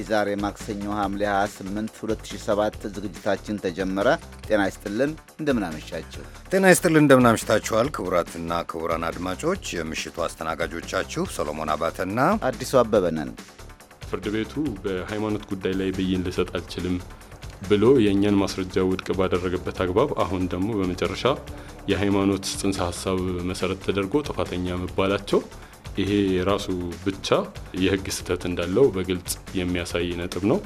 የዛሬ ማክሰኞ ሐምሌ 28 2007 ዝግጅታችን ተጀመረ። ጤና ይስጥልን እንደምናመሻችሁ። ጤና ይስጥልን እንደምናመሽታችኋል። ክቡራትና ክቡራን አድማጮች የምሽቱ አስተናጋጆቻችሁ ሰሎሞን አባተና አዲሱ አበበ ነን። ፍርድ ቤቱ በሃይማኖት ጉዳይ ላይ ብይን ልሰጥ አልችልም ብሎ የእኛን ማስረጃ ውድቅ ባደረገበት አግባብ አሁን ደግሞ በመጨረሻ የሃይማኖት ጽንሰ ሀሳብ መሰረት ተደርጎ ጥፋተኛ መባላቸው ይሄ የራሱ ብቻ የህግ ስህተት እንዳለው በግልጽ የሚያሳይ ነጥብ ነው።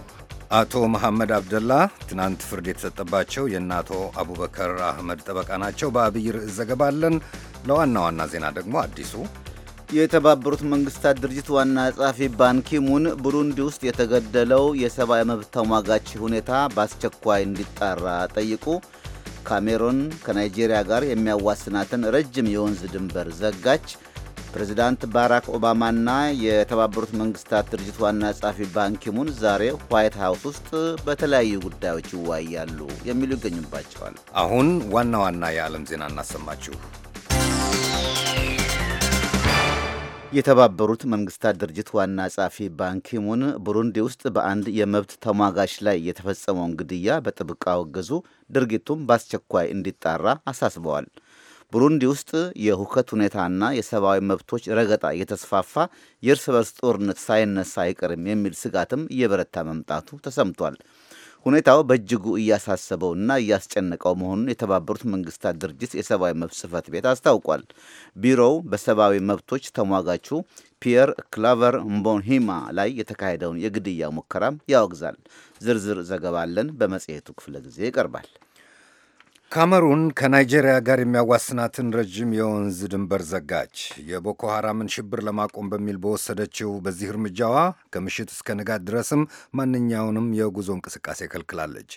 አቶ መሐመድ አብደላ ትናንት ፍርድ የተሰጠባቸው የእነ አቶ አቡበከር አህመድ ጠበቃ ናቸው። በአብይ ርዕስ ዘገባ አለን። ለዋና ዋና ዜና ደግሞ አዲሱ የተባበሩት መንግስታት ድርጅት ዋና ጸሐፊ ባንኪሙን ቡሩንዲ ውስጥ የተገደለው የሰብአዊ መብት ተሟጋች ሁኔታ በአስቸኳይ እንዲጣራ ጠይቁ። ካሜሮን ከናይጄሪያ ጋር የሚያዋስናትን ረጅም የወንዝ ድንበር ዘጋች። ፕሬዚዳንት ባራክ ኦባማና የተባበሩት መንግስታት ድርጅት ዋና ጸሐፊ ባንኪሙን ዛሬ ዋይት ሀውስ ውስጥ በተለያዩ ጉዳዮች ይወያያሉ የሚሉ ይገኙባቸዋል። አሁን ዋና ዋና የዓለም ዜና እናሰማችሁ። የተባበሩት መንግስታት ድርጅት ዋና ጸሐፊ ባንኪሙን ቡሩንዲ ውስጥ በአንድ የመብት ተሟጋች ላይ የተፈጸመውን ግድያ በጥብቅ አወገዙ፣ ድርጊቱም በአስቸኳይ እንዲጣራ አሳስበዋል። ቡሩንዲ ውስጥ የሁከት ሁኔታና የሰብአዊ መብቶች ረገጣ እየተስፋፋ የእርስ በርስ ጦርነት ሳይነሳ አይቀርም የሚል ስጋትም እየበረታ መምጣቱ ተሰምቷል። ሁኔታው በእጅጉ እያሳሰበውና እያስጨነቀው መሆኑን የተባበሩት መንግስታት ድርጅት የሰብአዊ መብት ጽህፈት ቤት አስታውቋል። ቢሮው በሰብአዊ መብቶች ተሟጋቹ ፒየር ክላቨር ምቦንሂማ ላይ የተካሄደውን የግድያ ሙከራም ያወግዛል። ዝርዝር ዘገባ አለን፣ በመጽሔቱ ክፍለ ጊዜ ይቀርባል። ካሜሩን ከናይጄሪያ ጋር የሚያዋስናትን ረዥም የወንዝ ድንበር ዘጋች። የቦኮ ሐራምን ሽብር ለማቆም በሚል በወሰደችው በዚህ እርምጃዋ ከምሽት እስከ ንጋት ድረስም ማንኛውንም የጉዞ እንቅስቃሴ ከልክላለች።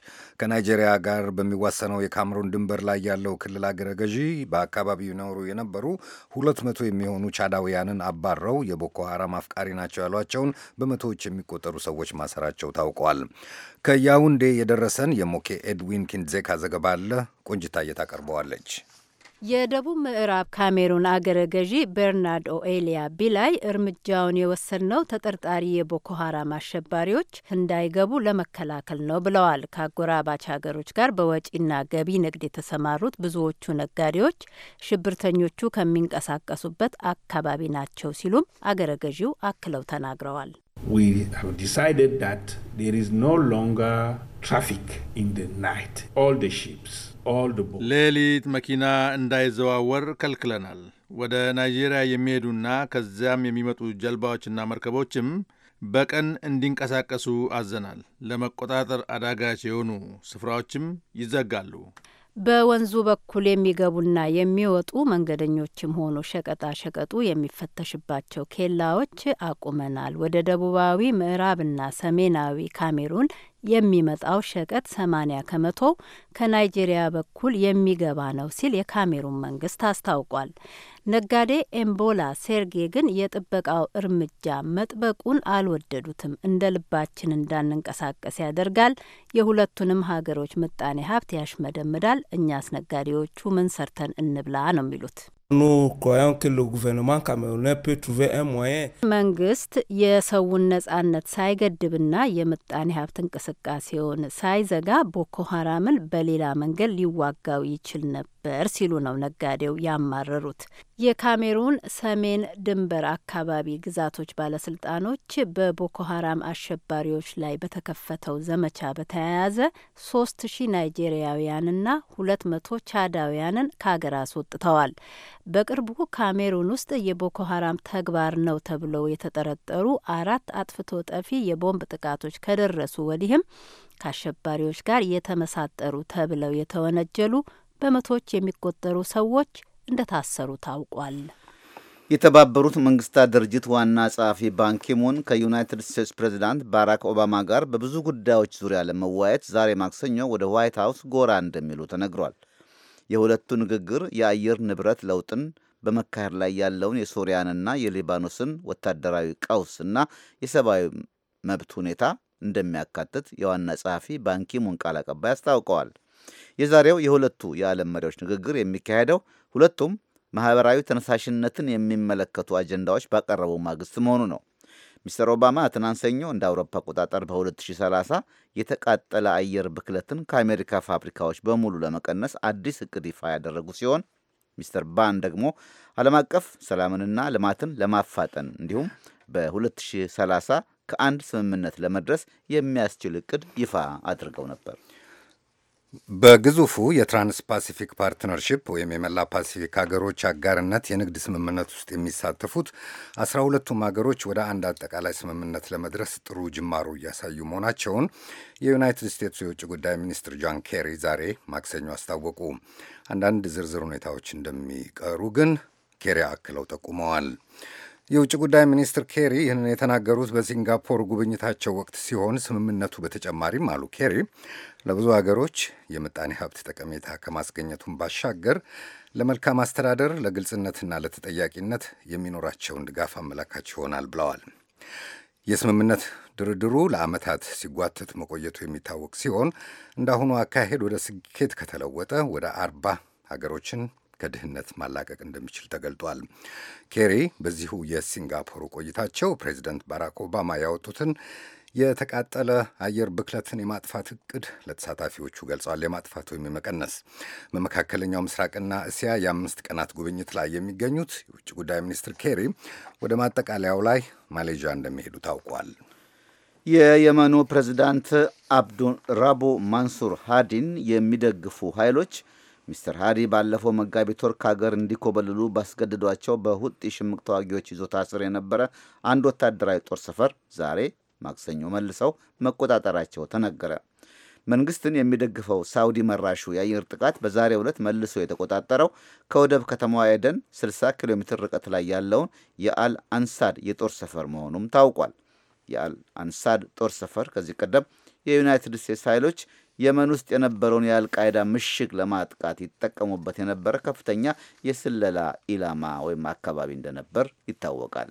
ከናይጄሪያ ጋር በሚዋሰነው የካሜሩን ድንበር ላይ ያለው ክልል አገረ ገዢ በአካባቢው ይኖሩ የነበሩ ሁለት መቶ የሚሆኑ ቻዳውያንን አባረው የቦኮ ሐራም አፍቃሪ ናቸው ያሏቸውን በመቶዎች የሚቆጠሩ ሰዎች ማሰራቸው ታውቋል። ከያውንዴ የደረሰን የሞኬ ኤድዊን ኪንዜካ ዘገባ አለ። ቆንጅታየ አቀርበዋለች። የደቡብ ምዕራብ ካሜሩን አገረ ገዢ በርናርድ ኦኤሊያ ቢላይ እርምጃውን የወሰነው ተጠርጣሪ የቦኮ ሀራም አሸባሪዎች እንዳይገቡ ለመከላከል ነው ብለዋል። ከአጎራባች ሀገሮች ጋር በወጪና ገቢ ንግድ የተሰማሩት ብዙዎቹ ነጋዴዎች ሽብርተኞቹ ከሚንቀሳቀሱበት አካባቢ ናቸው ሲሉም አገረ ገዢው አክለው ተናግረዋል። We have decided that there is no longer traffic in the night. All the ships, all the boats. ሌሊት መኪና እንዳይዘዋወር ከልክለናል። ወደ ናይጄሪያ የሚሄዱና ከዚያም የሚመጡ ጀልባዎችና መርከቦችም በቀን እንዲንቀሳቀሱ አዘናል። ለመቆጣጠር አዳጋች የሆኑ ስፍራዎችም ይዘጋሉ። በወንዙ በኩል የሚገቡና የሚወጡ መንገደኞችም ሆኑ ሸቀጣ ሸቀጡ የሚፈተሽባቸው ኬላዎች አቁመናል። ወደ ደቡባዊ ምዕራብና ሰሜናዊ ካሜሩን የሚመጣው ሸቀጥ 80 ከመቶ ከናይጄሪያ በኩል የሚገባ ነው ሲል የካሜሩን መንግስት አስታውቋል። ነጋዴ ኤምቦላ ሴርጌ ግን የጥበቃው እርምጃ መጥበቁን አልወደዱትም። እንደ ልባችን እንዳንንቀሳቀስ ያደርጋል፣ የሁለቱንም ሀገሮች ምጣኔ ሀብት ያሽመደምዳል። እኛስ ነጋዴዎቹ ምን ሰርተን እንብላ ነው የሚሉት። Nous croyons que le gouvernement camerounais peut trouver un moyen. መንግስት የሰውን ነጻነት ሳይገድብና የምጣኔ ሀብት እንቅስቃሴውን ሳይዘጋ ቦኮ ሀራምን በሌላ መንገድ ሊዋጋው ይችል ነበር። ነበር ሲሉ ነው ነጋዴው ያማረሩት። የካሜሩን ሰሜን ድንበር አካባቢ ግዛቶች ባለስልጣኖች በቦኮ ሀራም አሸባሪዎች ላይ በተከፈተው ዘመቻ በተያያዘ ሶስት ሺህ ናይጄሪያውያንና ሁለት መቶ ቻዳውያንን ከሀገር አስወጥተዋል። በቅርቡ ካሜሩን ውስጥ የቦኮ ሀራም ተግባር ነው ተብለው የተጠረጠሩ አራት አጥፍቶ ጠፊ የቦምብ ጥቃቶች ከደረሱ ወዲህም ከአሸባሪዎች ጋር የተመሳጠሩ ተብለው የተወነጀሉ በመቶዎች የሚቆጠሩ ሰዎች እንደታሰሩ ታውቋል። የተባበሩት መንግስታት ድርጅት ዋና ጸሐፊ ባንኪሙን ከዩናይትድ ስቴትስ ፕሬዚዳንት ባራክ ኦባማ ጋር በብዙ ጉዳዮች ዙሪያ ለመወያየት ዛሬ ማክሰኞ ወደ ዋይት ሀውስ ጎራ እንደሚሉ ተነግሯል። የሁለቱ ንግግር የአየር ንብረት ለውጥን በመካሄድ ላይ ያለውን የሶሪያንና የሊባኖስን ወታደራዊ ቀውስ እና የሰብአዊ መብት ሁኔታ እንደሚያካትት የዋና ጸሐፊ ባንኪሙን ቃል አቀባይ አስታውቀዋል። የዛሬው የሁለቱ የዓለም መሪዎች ንግግር የሚካሄደው ሁለቱም ማህበራዊ ተነሳሽነትን የሚመለከቱ አጀንዳዎች ባቀረቡ ማግስት መሆኑ ነው። ሚስተር ኦባማ ትናንት ሰኞ እንደ አውሮፓ አቆጣጠር በ2030 የተቃጠለ አየር ብክለትን ከአሜሪካ ፋብሪካዎች በሙሉ ለመቀነስ አዲስ እቅድ ይፋ ያደረጉ ሲሆን ሚስተር ባን ደግሞ ዓለም አቀፍ ሰላምንና ልማትን ለማፋጠን እንዲሁም በ2030 ከአንድ ስምምነት ለመድረስ የሚያስችል እቅድ ይፋ አድርገው ነበር። በግዙፉ የትራንስ ፓሲፊክ ፓርትነርሺፕ ወይም የመላ ፓሲፊክ ሀገሮች አጋርነት የንግድ ስምምነት ውስጥ የሚሳተፉት አስራ ሁለቱም ሀገሮች ወደ አንድ አጠቃላይ ስምምነት ለመድረስ ጥሩ ጅማሮ እያሳዩ መሆናቸውን የዩናይትድ ስቴትሱ የውጭ ጉዳይ ሚኒስትር ጆን ኬሪ ዛሬ ማክሰኞ አስታወቁ። አንዳንድ ዝርዝር ሁኔታዎች እንደሚቀሩ ግን ኬሪ አክለው ጠቁመዋል። የውጭ ጉዳይ ሚኒስትር ኬሪ ይህንን የተናገሩት በሲንጋፖር ጉብኝታቸው ወቅት ሲሆን ስምምነቱ በተጨማሪም አሉ ኬሪ ለብዙ ሀገሮች የምጣኔ ሀብት ጠቀሜታ ከማስገኘቱን ባሻገር ለመልካም አስተዳደር ለግልጽነትና ለተጠያቂነት የሚኖራቸውን ድጋፍ አመላካች ይሆናል ብለዋል። የስምምነት ድርድሩ ለዓመታት ሲጓተት መቆየቱ የሚታወቅ ሲሆን እንደ አሁኑ አካሄድ ወደ ስኬት ከተለወጠ ወደ አርባ ሀገሮችን ከድህነት ማላቀቅ እንደሚችል ተገልጧል። ኬሪ በዚሁ የሲንጋፖሩ ቆይታቸው ፕሬዚደንት ባራክ ኦባማ ያወጡትን የተቃጠለ አየር ብክለትን የማጥፋት እቅድ ለተሳታፊዎቹ ገልጸዋል። የማጥፋት ወይም የመቀነስ በመካከለኛው ምስራቅና እስያ የአምስት ቀናት ጉብኝት ላይ የሚገኙት የውጭ ጉዳይ ሚኒስትር ኬሪ ወደ ማጠቃለያው ላይ ማሌዥያ እንደሚሄዱ ታውቋል። የየመኑ ፕሬዚዳንት አብዱራቡ ማንሱር ሃዲን የሚደግፉ ኃይሎች ሚስተር ሃዲ ባለፈው መጋቢት ወር ከሀገር እንዲኮበልሉ ባስገድዷቸው በሁጥ ሽምቅ ተዋጊዎች ይዞታ ስር የነበረ አንድ ወታደራዊ ጦር ሰፈር ዛሬ ማክሰኞ መልሰው መቆጣጠራቸው ተነገረ። መንግስትን የሚደግፈው ሳውዲ መራሹ የአየር ጥቃት በዛሬ ዕለት መልሶ የተቆጣጠረው ከወደብ ከተማዋ ኤደን 60 ኪሎ ሜትር ርቀት ላይ ያለውን የአል አንሳድ የጦር ሰፈር መሆኑም ታውቋል። የአል አንሳድ ጦር ሰፈር ከዚህ ቀደም የዩናይትድ ስቴትስ ኃይሎች የመን ውስጥ የነበረውን የአልቃይዳ ምሽግ ለማጥቃት ይጠቀሙበት የነበረ ከፍተኛ የስለላ ኢላማ ወይም አካባቢ እንደነበር ይታወቃል።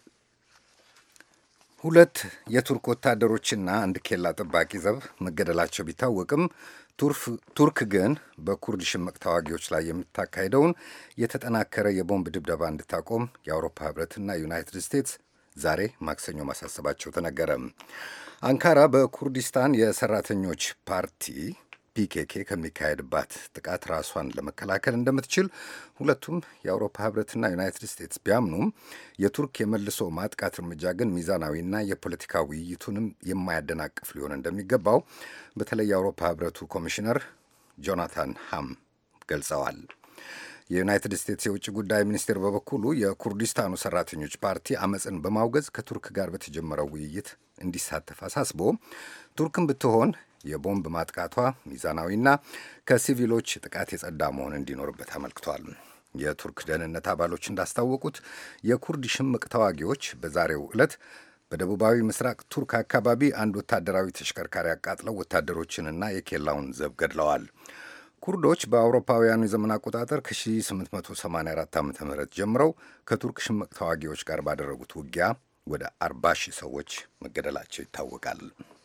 ሁለት የቱርክ ወታደሮችና አንድ ኬላ ጠባቂ ዘብ መገደላቸው ቢታወቅም ቱርክ ግን በኩርድ ሽምቅ ተዋጊዎች ላይ የምታካሄደውን የተጠናከረ የቦምብ ድብደባ እንድታቆም የአውሮፓ ህብረትና ዩናይትድ ስቴትስ ዛሬ ማክሰኞ ማሳሰባቸው ተነገረ። አንካራ በኩርዲስታን የሰራተኞች ፓርቲ ፒኬኬ ከሚካሄድባት ጥቃት ራሷን ለመከላከል እንደምትችል ሁለቱም የአውሮፓ ህብረትና ዩናይትድ ስቴትስ ቢያምኑም የቱርክ የመልሶ ማጥቃት እርምጃ ግን ሚዛናዊና የፖለቲካ ውይይቱንም የማያደናቅፍ ሊሆን እንደሚገባው በተለይ የአውሮፓ ህብረቱ ኮሚሽነር ጆናታን ሃም ገልጸዋል። የዩናይትድ ስቴትስ የውጭ ጉዳይ ሚኒስቴር በበኩሉ የኩርዲስታኑ ሰራተኞች ፓርቲ አመፅን በማውገዝ ከቱርክ ጋር በተጀመረው ውይይት እንዲሳተፍ አሳስቦ ቱርክም ብትሆን የቦምብ ማጥቃቷ ሚዛናዊና ከሲቪሎች ጥቃት የጸዳ መሆን እንዲኖርበት አመልክቷል። የቱርክ ደህንነት አባሎች እንዳስታወቁት የኩርድ ሽምቅ ተዋጊዎች በዛሬው ዕለት በደቡባዊ ምስራቅ ቱርክ አካባቢ አንድ ወታደራዊ ተሽከርካሪ አቃጥለው ወታደሮችንና የኬላውን ዘብ ገድለዋል። ኩርዶች በአውሮፓውያኑ የዘመን አቆጣጠር ከ1884 ዓ ም ጀምረው ከቱርክ ሽምቅ ተዋጊዎች ጋር ባደረጉት ውጊያ ወደ አርባ ሺህ ሰዎች መገደላቸው ይታወቃል።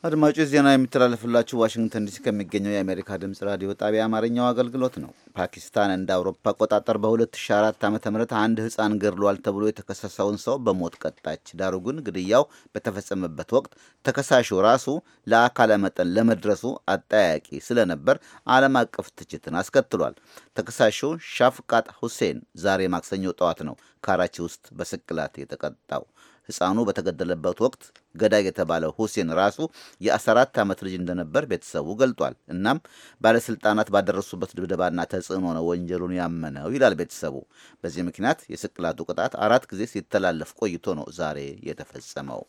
አድማጮች ዜና የሚተላለፍላችሁ ዋሽንግተን ዲሲ ከሚገኘው የአሜሪካ ድምፅ ራዲዮ ጣቢያ አማርኛው አገልግሎት ነው። ፓኪስታን እንደ አውሮፓ አቆጣጠር በ2004 ዓ ም አንድ ሕፃን ገድሏል ተብሎ የተከሰሰውን ሰው በሞት ቀጣች። ዳሩ ግን ግድያው በተፈጸመበት ወቅት ተከሳሹ ራሱ ለአካለ መጠን ለመድረሱ አጠያቂ ስለነበር ዓለም አቀፍ ትችትን አስከትሏል። ተከሳሹ ሻፍቃት ሁሴን ዛሬ ማክሰኞ ጠዋት ነው ካራቺ ውስጥ በስቅላት የተቀጣው። ሕፃኑ በተገደለበት ወቅት ገዳይ የተባለው ሁሴን ራሱ የ14 ዓመት ልጅ እንደነበር ቤተሰቡ ገልጧል። እናም ባለስልጣናት ባደረሱበት ድብደባና ተጽዕኖ ነው ወንጀሉን ያመነው ይላል ቤተሰቡ። በዚህ ምክንያት የስቅላቱ ቅጣት አራት ጊዜ ሲተላለፍ ቆይቶ ነው ዛሬ የተፈጸመው።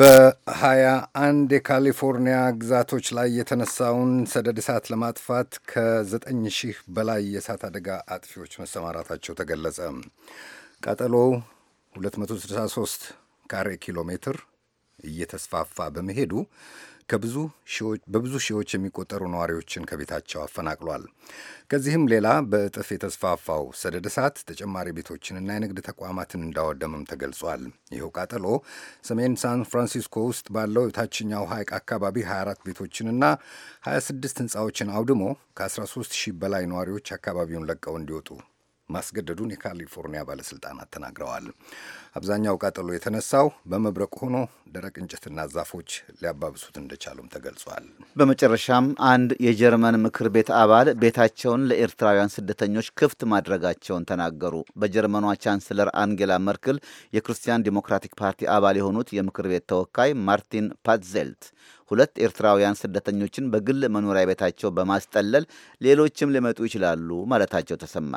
በሀያ አንድ የካሊፎርኒያ ግዛቶች ላይ የተነሳውን ሰደድ እሳት ለማጥፋት ከዘጠኝ ሺህ በላይ የእሳት አደጋ አጥፊዎች መሰማራታቸው ተገለጸ። ቀጠሎ 263 ካሬ ኪሎ ሜትር እየተስፋፋ በመሄዱ ከብዙ በብዙ ሺዎች የሚቆጠሩ ነዋሪዎችን ከቤታቸው አፈናቅሏል። ከዚህም ሌላ በእጥፍ የተስፋፋው ሰደድ እሳት ተጨማሪ ቤቶችንና የንግድ ተቋማትን እንዳወደምም ተገልጿል። ይኸው ቃጠሎ ሰሜን ሳን ፍራንሲስኮ ውስጥ ባለው የታችኛው ሐይቅ አካባቢ 24 ቤቶችንና 26 ሕንፃዎችን አውድሞ ከ13 ሺህ በላይ ነዋሪዎች አካባቢውን ለቀው እንዲወጡ ማስገደዱን የካሊፎርኒያ ባለሥልጣናት ተናግረዋል። አብዛኛው ቃጠሎ የተነሳው በመብረቅ ሆኖ ደረቅ እንጨትና ዛፎች ሊያባብሱት እንደቻሉም ተገልጿል። በመጨረሻም አንድ የጀርመን ምክር ቤት አባል ቤታቸውን ለኤርትራውያን ስደተኞች ክፍት ማድረጋቸውን ተናገሩ። በጀርመኗ ቻንስለር አንጌላ መርክል የክርስቲያን ዲሞክራቲክ ፓርቲ አባል የሆኑት የምክር ቤት ተወካይ ማርቲን ፓትዘልት ሁለት ኤርትራውያን ስደተኞችን በግል መኖሪያ ቤታቸው በማስጠለል ሌሎችም ሊመጡ ይችላሉ ማለታቸው ተሰማ።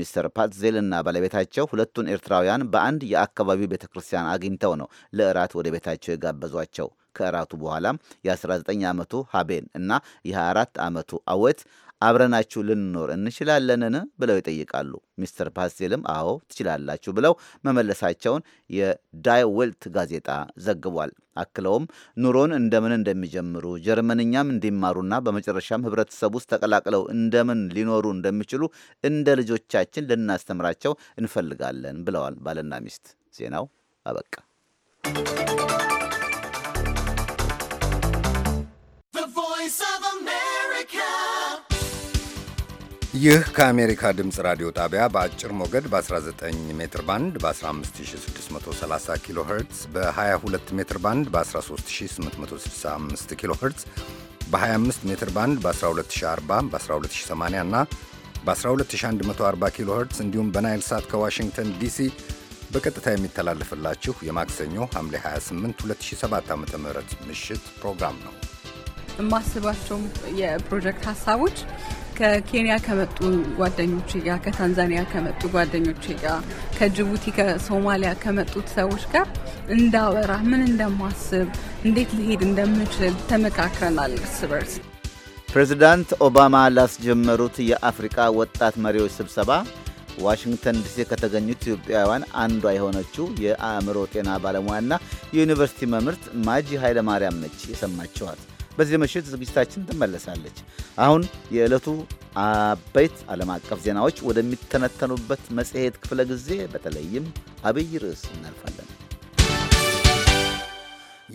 ሚስተር ፓትዜል እና ባለቤታቸው ሁለቱን ኤርትራውያን በአንድ የአካባቢው ቤተ ክርስቲያን አግኝተው ነው ለእራት ወደ ቤታቸው የጋበዟቸው። ከእራቱ በኋላም የ19 ዓመቱ ሀቤን እና የ24 ዓመቱ አወት አብረናችሁ ልንኖር እንችላለንን ብለው ይጠይቃሉ። ሚስተር ፓስቴልም አዎ ትችላላችሁ ብለው መመለሳቸውን የዳይ ዌልት ጋዜጣ ዘግቧል። አክለውም ኑሮን እንደምን እንደሚጀምሩ ጀርመንኛም እንዲማሩና በመጨረሻም ህብረተሰብ ውስጥ ተቀላቅለው እንደምን ሊኖሩ እንደሚችሉ እንደ ልጆቻችን ልናስተምራቸው እንፈልጋለን ብለዋል ባልና ሚስት። ዜናው አበቃ። ይህ ከአሜሪካ ድምፅ ራዲዮ ጣቢያ በአጭር ሞገድ በ19 ሜትር ባንድ በ15630 ኪሎ ኸርትዝ በ22 ሜትር ባንድ በ13865 ኪሎ ኸርትዝ በ25 ሜትር ባንድ በ12040 በ12080 እና በ12140 ኪሎ ኸርትዝ እንዲሁም በናይል ሳት ከዋሽንግተን ዲሲ በቀጥታ የሚተላለፍላችሁ የማክሰኞ ሐምሌ 28 2007 ዓ ም ምሽት ፕሮግራም ነው። የማስባቸው የፕሮጀክት ሀሳቦች ከኬንያ ከመጡ ጓደኞች ጋር፣ ከታንዛኒያ ከመጡ ጓደኞች ጋር፣ ከጅቡቲ ከሶማሊያ ከመጡት ሰዎች ጋር እንዳወራ ምን እንደማስብ እንዴት ልሄድ እንደምችል ተመካክረናል እርስ በርስ። ፕሬዚዳንት ኦባማ ላስጀመሩት የአፍሪቃ ወጣት መሪዎች ስብሰባ ዋሽንግተን ዲሲ ከተገኙት ኢትዮጵያውያን አንዷ የሆነችው የአእምሮ ጤና ባለሙያና የዩኒቨርሲቲ መምህርት ማጂ ኃይለማርያም ነች የሰማችኋት። በዚህ ምሽት ዝግጅታችን ትመለሳለች። አሁን የዕለቱ አበይት ዓለም አቀፍ ዜናዎች ወደሚተነተኑበት መጽሔት ክፍለ ጊዜ በተለይም አብይ ርዕስ እናልፋለን።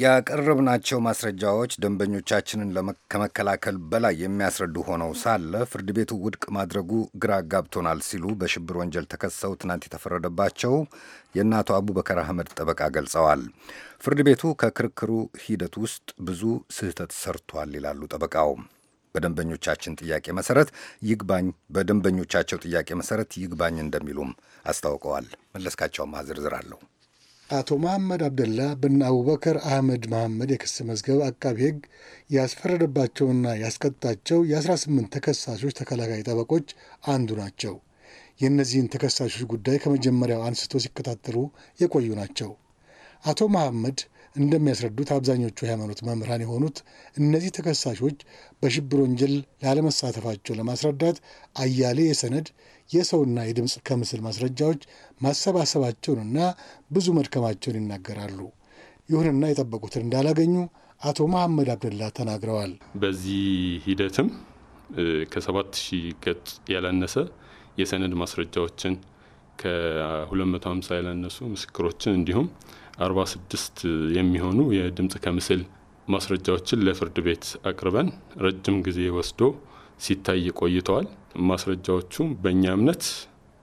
ያቀረብናቸው ማስረጃዎች ደንበኞቻችንን ከመከላከል በላይ የሚያስረዱ ሆነው ሳለ ፍርድ ቤቱ ውድቅ ማድረጉ ግራ ጋብቶናል ሲሉ በሽብር ወንጀል ተከሰው ትናንት የተፈረደባቸው የእነ አቡበከር አህመድ ጠበቃ ገልጸዋል። ፍርድ ቤቱ ከክርክሩ ሂደት ውስጥ ብዙ ስህተት ሰርቷል ይላሉ ጠበቃው። በደንበኞቻችን ጥያቄ መሰረት ይግባኝ በደንበኞቻቸው ጥያቄ መሰረት ይግባኝ እንደሚሉም አስታውቀዋል። መለስካቸውም ዝርዝር አለው። አቶ መሐመድ አብደላ በነ አቡበከር አህመድ መሐመድ የክስ መዝገብ አቃቢ ሕግ ያስፈረደባቸውና ያስቀጣቸው የ18 ተከሳሾች ተከላካይ ጠበቆች አንዱ ናቸው። የእነዚህን ተከሳሾች ጉዳይ ከመጀመሪያው አንስቶ ሲከታተሉ የቆዩ ናቸው። አቶ መሐመድ እንደሚያስረዱት አብዛኞቹ የሃይማኖት መምህራን የሆኑት እነዚህ ተከሳሾች በሽብር ወንጀል ላለመሳተፋቸው ለማስረዳት አያሌ የሰነድ የሰውና የድምፅ ከምስል ማስረጃዎች ማሰባሰባቸውንና ብዙ መድከማቸውን ይናገራሉ። ይሁንና የጠበቁትን እንዳላገኙ አቶ መሐመድ አብደላ ተናግረዋል። በዚህ ሂደትም ከሰባት ሺህ ገጽ ያላነሰ የሰነድ ማስረጃዎችን ከ250 ያላነሱ ምስክሮችን እንዲሁም 46 የሚሆኑ የድምፅ ከምስል ማስረጃዎችን ለፍርድ ቤት አቅርበን ረጅም ጊዜ ወስዶ ሲታይ ቆይተዋል። ማስረጃዎቹም በእኛ እምነት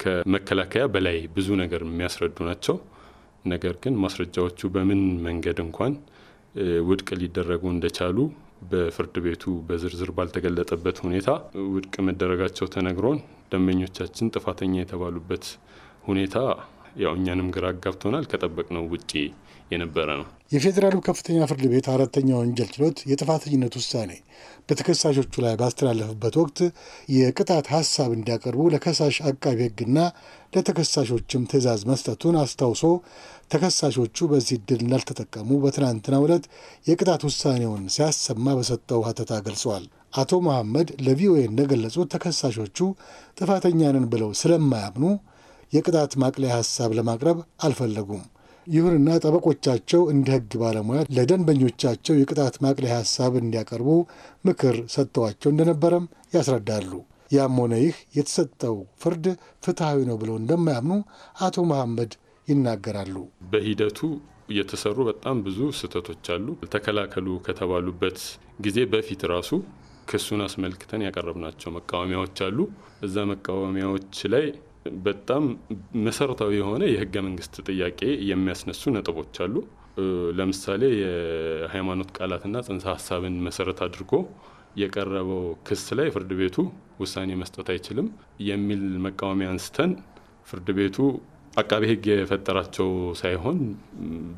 ከመከላከያ በላይ ብዙ ነገር የሚያስረዱ ናቸው። ነገር ግን ማስረጃዎቹ በምን መንገድ እንኳን ውድቅ ሊደረጉ እንደቻሉ በፍርድ ቤቱ በዝርዝር ባልተገለጠበት ሁኔታ ውድቅ መደረጋቸው ተነግሮን ደንበኞቻችን ጥፋተኛ የተባሉበት ሁኔታ ያው እኛንም ግራ አጋብቶናል፣ ከጠበቅነው ውጪ የነበረ ነው። የፌዴራሉ ከፍተኛ ፍርድ ቤት አራተኛ ወንጀል ችሎት የጥፋተኝነት ውሳኔ በተከሳሾቹ ላይ ባስተላለፍበት ወቅት የቅጣት ሀሳብ እንዲያቀርቡ ለከሳሽ አቃቢ ሕግና ለተከሳሾችም ትዕዛዝ መስጠቱን አስታውሶ ተከሳሾቹ በዚህ እድል እንዳልተጠቀሙ በትናንትናው ዕለት የቅጣት ውሳኔውን ሲያሰማ በሰጠው ሀተታ ገልጸዋል። አቶ መሐመድ ለቪኦኤ እንደገለጹት ተከሳሾቹ ጥፋተኛ ነን ብለው ስለማያምኑ የቅጣት ማቅለያ ሀሳብ ለማቅረብ አልፈለጉም። ይሁንና ጠበቆቻቸው እንደ ህግ ባለሙያ ለደንበኞቻቸው የቅጣት ማቅለያ ሀሳብ እንዲያቀርቡ ምክር ሰጥተዋቸው እንደነበረም ያስረዳሉ። ያም ሆነ ይህ የተሰጠው ፍርድ ፍትሐዊ ነው ብለው እንደማያምኑ አቶ መሐመድ ይናገራሉ። በሂደቱ የተሰሩ በጣም ብዙ ስህተቶች አሉ። ተከላከሉ ከተባሉበት ጊዜ በፊት ራሱ ክሱን አስመልክተን ያቀረብናቸው መቃወሚያዎች አሉ። እዛ መቃወሚያዎች ላይ በጣም መሰረታዊ የሆነ የህገ መንግስት ጥያቄ የሚያስነሱ ነጥቦች አሉ። ለምሳሌ የሃይማኖት ቃላትና ጽንሰ ሀሳብን መሰረት አድርጎ የቀረበው ክስ ላይ ፍርድ ቤቱ ውሳኔ መስጠት አይችልም የሚል መቃወሚያ አንስተን ፍርድ ቤቱ አቃቤ ህግ የፈጠራቸው ሳይሆን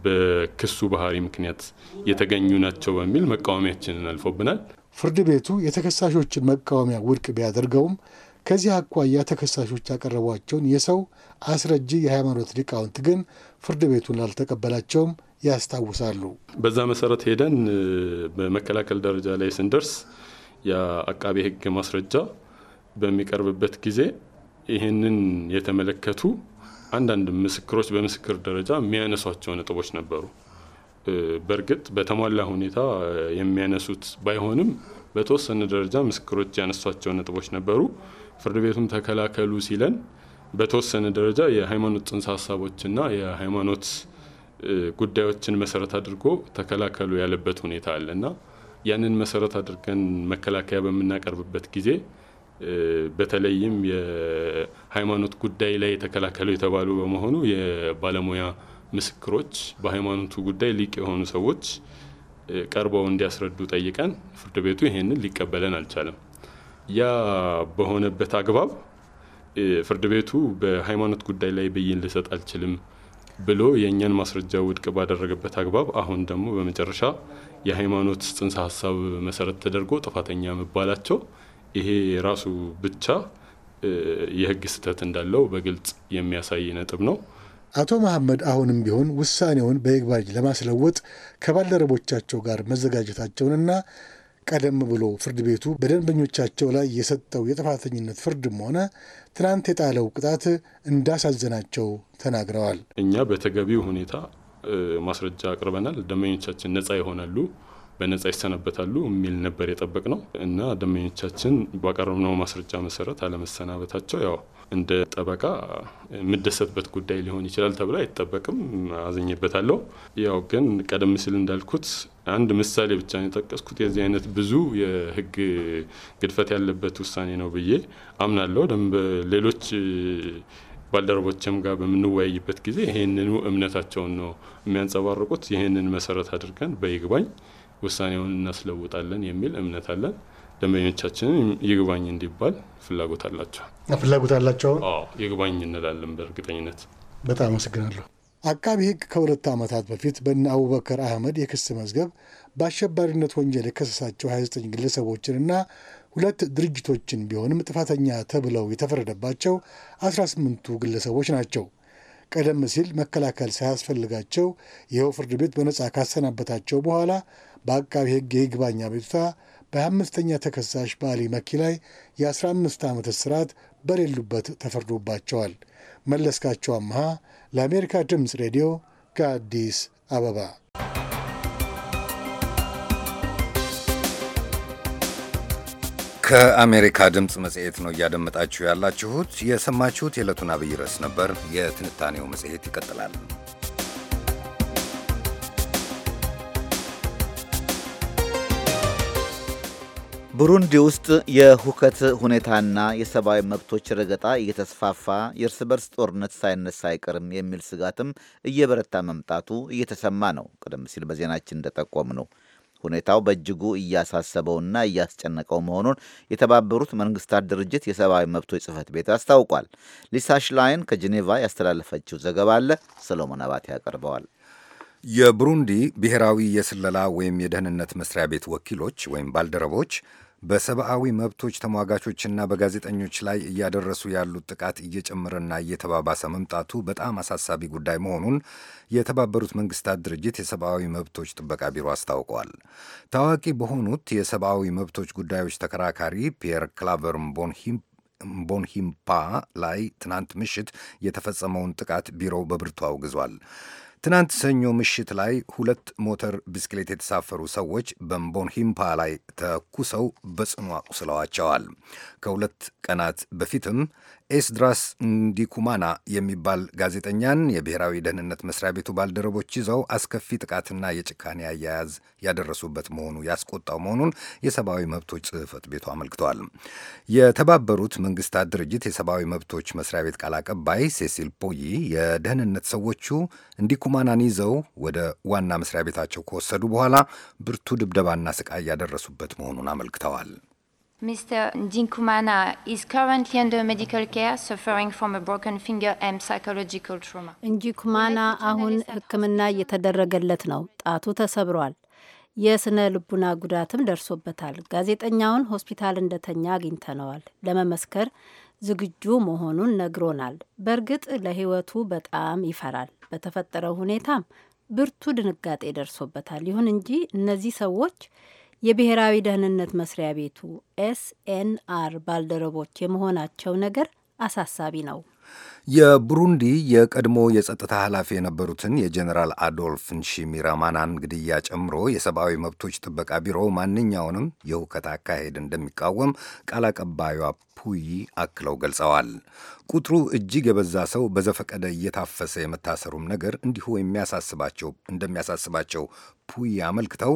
በክሱ ባህሪ ምክንያት የተገኙ ናቸው በሚል መቃወሚያችንን አልፎብናል። ፍርድ ቤቱ የተከሳሾችን መቃወሚያ ውድቅ ቢያደርገውም ከዚህ አኳያ ተከሳሾች ያቀረቧቸውን የሰው አስረጂ የሃይማኖት ሊቃውንት ግን ፍርድ ቤቱን አልተቀበላቸውም ያስታውሳሉ። በዛ መሰረት ሄደን በመከላከል ደረጃ ላይ ስንደርስ የአቃቤ ሕግ ማስረጃ በሚቀርብበት ጊዜ ይህንን የተመለከቱ አንዳንድ ምስክሮች በምስክር ደረጃ የሚያነሷቸው ነጥቦች ነበሩ። በእርግጥ በተሟላ ሁኔታ የሚያነሱት ባይሆንም በተወሰነ ደረጃ ምስክሮች ያነሷቸው ነጥቦች ነበሩ። ፍርድ ቤቱም ተከላከሉ ሲለን በተወሰነ ደረጃ የሃይማኖት ጽንሰ ሀሳቦችና የሃይማኖት ጉዳዮችን መሰረት አድርጎ ተከላከሉ ያለበት ሁኔታ አለ እና ያንን መሰረት አድርገን መከላከያ በምናቀርብበት ጊዜ በተለይም የሃይማኖት ጉዳይ ላይ የተከላከሉ የተባሉ በመሆኑ የባለሙያ ምስክሮች በሃይማኖቱ ጉዳይ ሊቅ የሆኑ ሰዎች ቀርበው እንዲያስረዱ ጠይቀን ፍርድ ቤቱ ይህንን ሊቀበለን አልቻለም። ያ በሆነበት አግባብ ፍርድ ቤቱ በሃይማኖት ጉዳይ ላይ ብይን ልሰጥ አልችልም ብሎ የእኛን ማስረጃ ውድቅ ባደረገበት አግባብ አሁን ደግሞ በመጨረሻ የሃይማኖት ጽንሰ ሀሳብ መሰረት ተደርጎ ጥፋተኛ መባላቸው ይሄ ራሱ ብቻ የህግ ስህተት እንዳለው በግልጽ የሚያሳይ ነጥብ ነው። አቶ መሐመድ አሁንም ቢሆን ውሳኔውን በይግባኝ ለማስለወጥ ከባልደረቦቻቸው ጋር መዘጋጀታቸውንና ቀደም ብሎ ፍርድ ቤቱ በደንበኞቻቸው ላይ የሰጠው የጥፋተኝነት ፍርድም ሆነ ትናንት የጣለው ቅጣት እንዳሳዘናቸው ተናግረዋል። እኛ በተገቢው ሁኔታ ማስረጃ አቅርበናል። ደንበኞቻችን ነጻ ይሆናሉ፣ በነጻ ይሰናበታሉ የሚል ነበር የጠበቅ ነው እና ደንበኞቻችን ባቀረብነው ማስረጃ መሰረት አለመሰናበታቸው ያው እንደ ጠበቃ የምደሰትበት ጉዳይ ሊሆን ይችላል ተብሎ አይጠበቅም። አዘኝበታለሁ። ያው ግን ቀደም ሲል እንዳልኩት አንድ ምሳሌ ብቻ ነው የጠቀስኩት። የዚህ አይነት ብዙ የህግ ግድፈት ያለበት ውሳኔ ነው ብዬ አምናለሁ። ደንብ ሌሎች ባልደረቦችም ጋር በምንወያይበት ጊዜ ይህንኑ እምነታቸውን ነው የሚያንጸባርቁት። ይህንን መሰረት አድርገን በይግባኝ ውሳኔውን እናስለውጣለን የሚል እምነት አለን። ደንበኞቻችን ይግባኝ እንዲባል ፍላጎት አላቸው ፍላጎት አላቸው። ይግባኝ እንላለን በእርግጠኝነት። በጣም አመሰግናለሁ። አቃቢ ህግ ከሁለት ዓመታት በፊት በእነ አቡበከር አህመድ የክስ መዝገብ በአሸባሪነት ወንጀል የከሰሳቸው 29 ግለሰቦችንና ሁለት ድርጅቶችን ቢሆንም ጥፋተኛ ተብለው የተፈረደባቸው 18ቱ ግለሰቦች ናቸው። ቀደም ሲል መከላከል ሳያስፈልጋቸው ይኸው ፍርድ ቤት በነጻ ካሰናበታቸው በኋላ በአቃቢ ህግ ። የይግባኝ አቤቱታ በአምስተኛ ተከሳሽ በአሊ መኪ ላይ የ15 ዓመት እስራት በሌሉበት ተፈርዶባቸዋል። መለስካቸው አምሃ ለአሜሪካ ድምፅ ሬዲዮ ከአዲስ አበባ ከአሜሪካ ድምፅ መጽሔት ነው እያደመጣችሁ ያላችሁት። የሰማችሁት የዕለቱን አብይ ርዕስ ነበር። የትንታኔው መጽሔት ይቀጥላል። ቡሩንዲ ውስጥ የሁከት ሁኔታና የሰብአዊ መብቶች ረገጣ እየተስፋፋ የእርስ በርስ ጦርነት ሳይነሳ አይቀርም የሚል ስጋትም እየበረታ መምጣቱ እየተሰማ ነው። ቀደም ሲል በዜናችን እንደጠቆም ነው ሁኔታው በእጅጉ እያሳሰበውና እያስጨነቀው መሆኑን የተባበሩት መንግስታት ድርጅት የሰብአዊ መብቶች ጽህፈት ቤት አስታውቋል። ሊሳ ሽላይን ከጄኔቫ ያስተላለፈችው ዘገባ አለ፣ ሰሎሞን አባቴ ያቀርበዋል። የብሩንዲ ብሔራዊ የስለላ ወይም የደህንነት መስሪያ ቤት ወኪሎች ወይም ባልደረቦች በሰብአዊ መብቶች ተሟጋቾችና በጋዜጠኞች ላይ እያደረሱ ያሉት ጥቃት እየጨመረና እየተባባሰ መምጣቱ በጣም አሳሳቢ ጉዳይ መሆኑን የተባበሩት መንግስታት ድርጅት የሰብአዊ መብቶች ጥበቃ ቢሮ አስታውቋል። ታዋቂ በሆኑት የሰብአዊ መብቶች ጉዳዮች ተከራካሪ ፒየር ክላቨር ቦንሂም ቦንሂምፓ ላይ ትናንት ምሽት የተፈጸመውን ጥቃት ቢሮው በብርቱ አውግዟል። ትናንት ሰኞ ምሽት ላይ ሁለት ሞተር ብስክሌት የተሳፈሩ ሰዎች በምቦንሂምፓ ሂምፓ ላይ ተኩሰው በጽኑ አቁስለዋቸዋል። ከሁለት ቀናት በፊትም ኤስድራስ እንዲኩማና የሚባል ጋዜጠኛን የብሔራዊ ደህንነት መስሪያ ቤቱ ባልደረቦች ይዘው አስከፊ ጥቃትና የጭካኔ አያያዝ ያደረሱበት መሆኑ ያስቆጣው መሆኑን የሰብአዊ መብቶች ጽህፈት ቤቱ አመልክተዋል። የተባበሩት መንግስታት ድርጅት የሰብአዊ መብቶች መስሪያ ቤት ቃል አቀባይ ሴሲል ፖይ የደህንነት ሰዎቹ እንዲኩማናን ይዘው ወደ ዋና መስሪያ ቤታቸው ከወሰዱ በኋላ ብርቱ ድብደባና ስቃይ ያደረሱበት መሆኑን አመልክተዋል። Mr. Dinkumana is currently under medical care suffering from a broken finger and psychological trauma. እንጂኩማና አሁን ሕክምና እየተደረገለት ነው። ጣቱ ተሰብሯል፣ የስነ ልቡና ጉዳትም ደርሶበታል። ጋዜጠኛውን ሆስፒታል እንደተኛ አግኝተነዋል። ለመመስከር ዝግጁ መሆኑን ነግሮናል። በእርግጥ ለሕይወቱ በጣም ይፈራል። በተፈጠረው ሁኔታም ብርቱ ድንጋጤ ደርሶበታል። ይሁን እንጂ እነዚህ ሰዎች የብሔራዊ ደህንነት መስሪያ ቤቱ ኤስኤንአር ባልደረቦች የመሆናቸው ነገር አሳሳቢ ነው። የቡሩንዲ የቀድሞ የጸጥታ ኃላፊ የነበሩትን የጀኔራል አዶልፍ ንሺሚራማናን ግድያ ጨምሮ የሰብአዊ መብቶች ጥበቃ ቢሮ ማንኛውንም የሁከት አካሄድ እንደሚቃወም ቃል አቀባዩ ፑይ አክለው ገልጸዋል። ቁጥሩ እጅግ የበዛ ሰው በዘፈቀደ እየታፈሰ የመታሰሩም ነገር እንዲሁ የሚያሳስባቸው እንደሚያሳስባቸው ፑይ አመልክተው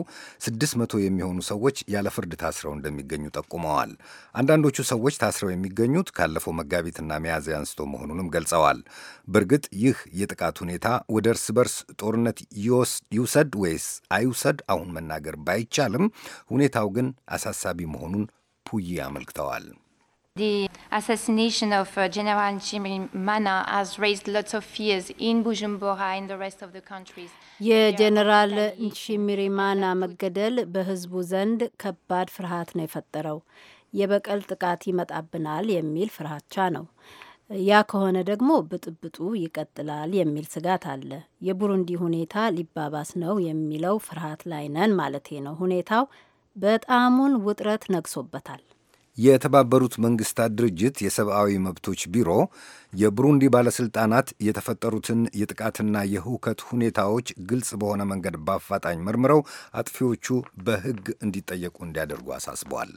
ስድስት መቶ የሚሆኑ ሰዎች ያለ ፍርድ ታስረው እንደሚገኙ ጠቁመዋል። አንዳንዶቹ ሰዎች ታስረው የሚገኙት ካለፈው መጋቢትና ሚያዝያ አንስቶ መሆኑንም ገልጸዋል። በእርግጥ ይህ የጥቃት ሁኔታ ወደ እርስ በርስ ጦርነት ይውሰድ ወይስ አይውሰድ አሁን መናገር ባይቻልም፣ ሁኔታው ግን አሳሳቢ መሆኑን ፑይ አመልክተዋል። uh, የጀኔራል ንሺሚሪማና መገደል በህዝቡ ዘንድ ከባድ ፍርሃት ነው የፈጠረው። የበቀል ጥቃት ይመጣብናል የሚል ፍርሃቻ ነው። ያ ከሆነ ደግሞ ብጥብጡ ይቀጥላል የሚል ስጋት አለ። የቡሩንዲ ሁኔታ ሊባባስ ነው የሚለው ፍርሃት ላይ ነን ማለቴ ነው። ሁኔታው በጣሙን ውጥረት ነግሶበታል። የተባበሩት መንግስታት ድርጅት የሰብአዊ መብቶች ቢሮ የቡሩንዲ ባለሥልጣናት የተፈጠሩትን የጥቃትና የህውከት ሁኔታዎች ግልጽ በሆነ መንገድ በአፋጣኝ መርምረው አጥፊዎቹ በሕግ እንዲጠየቁ እንዲያደርጉ አሳስበዋል።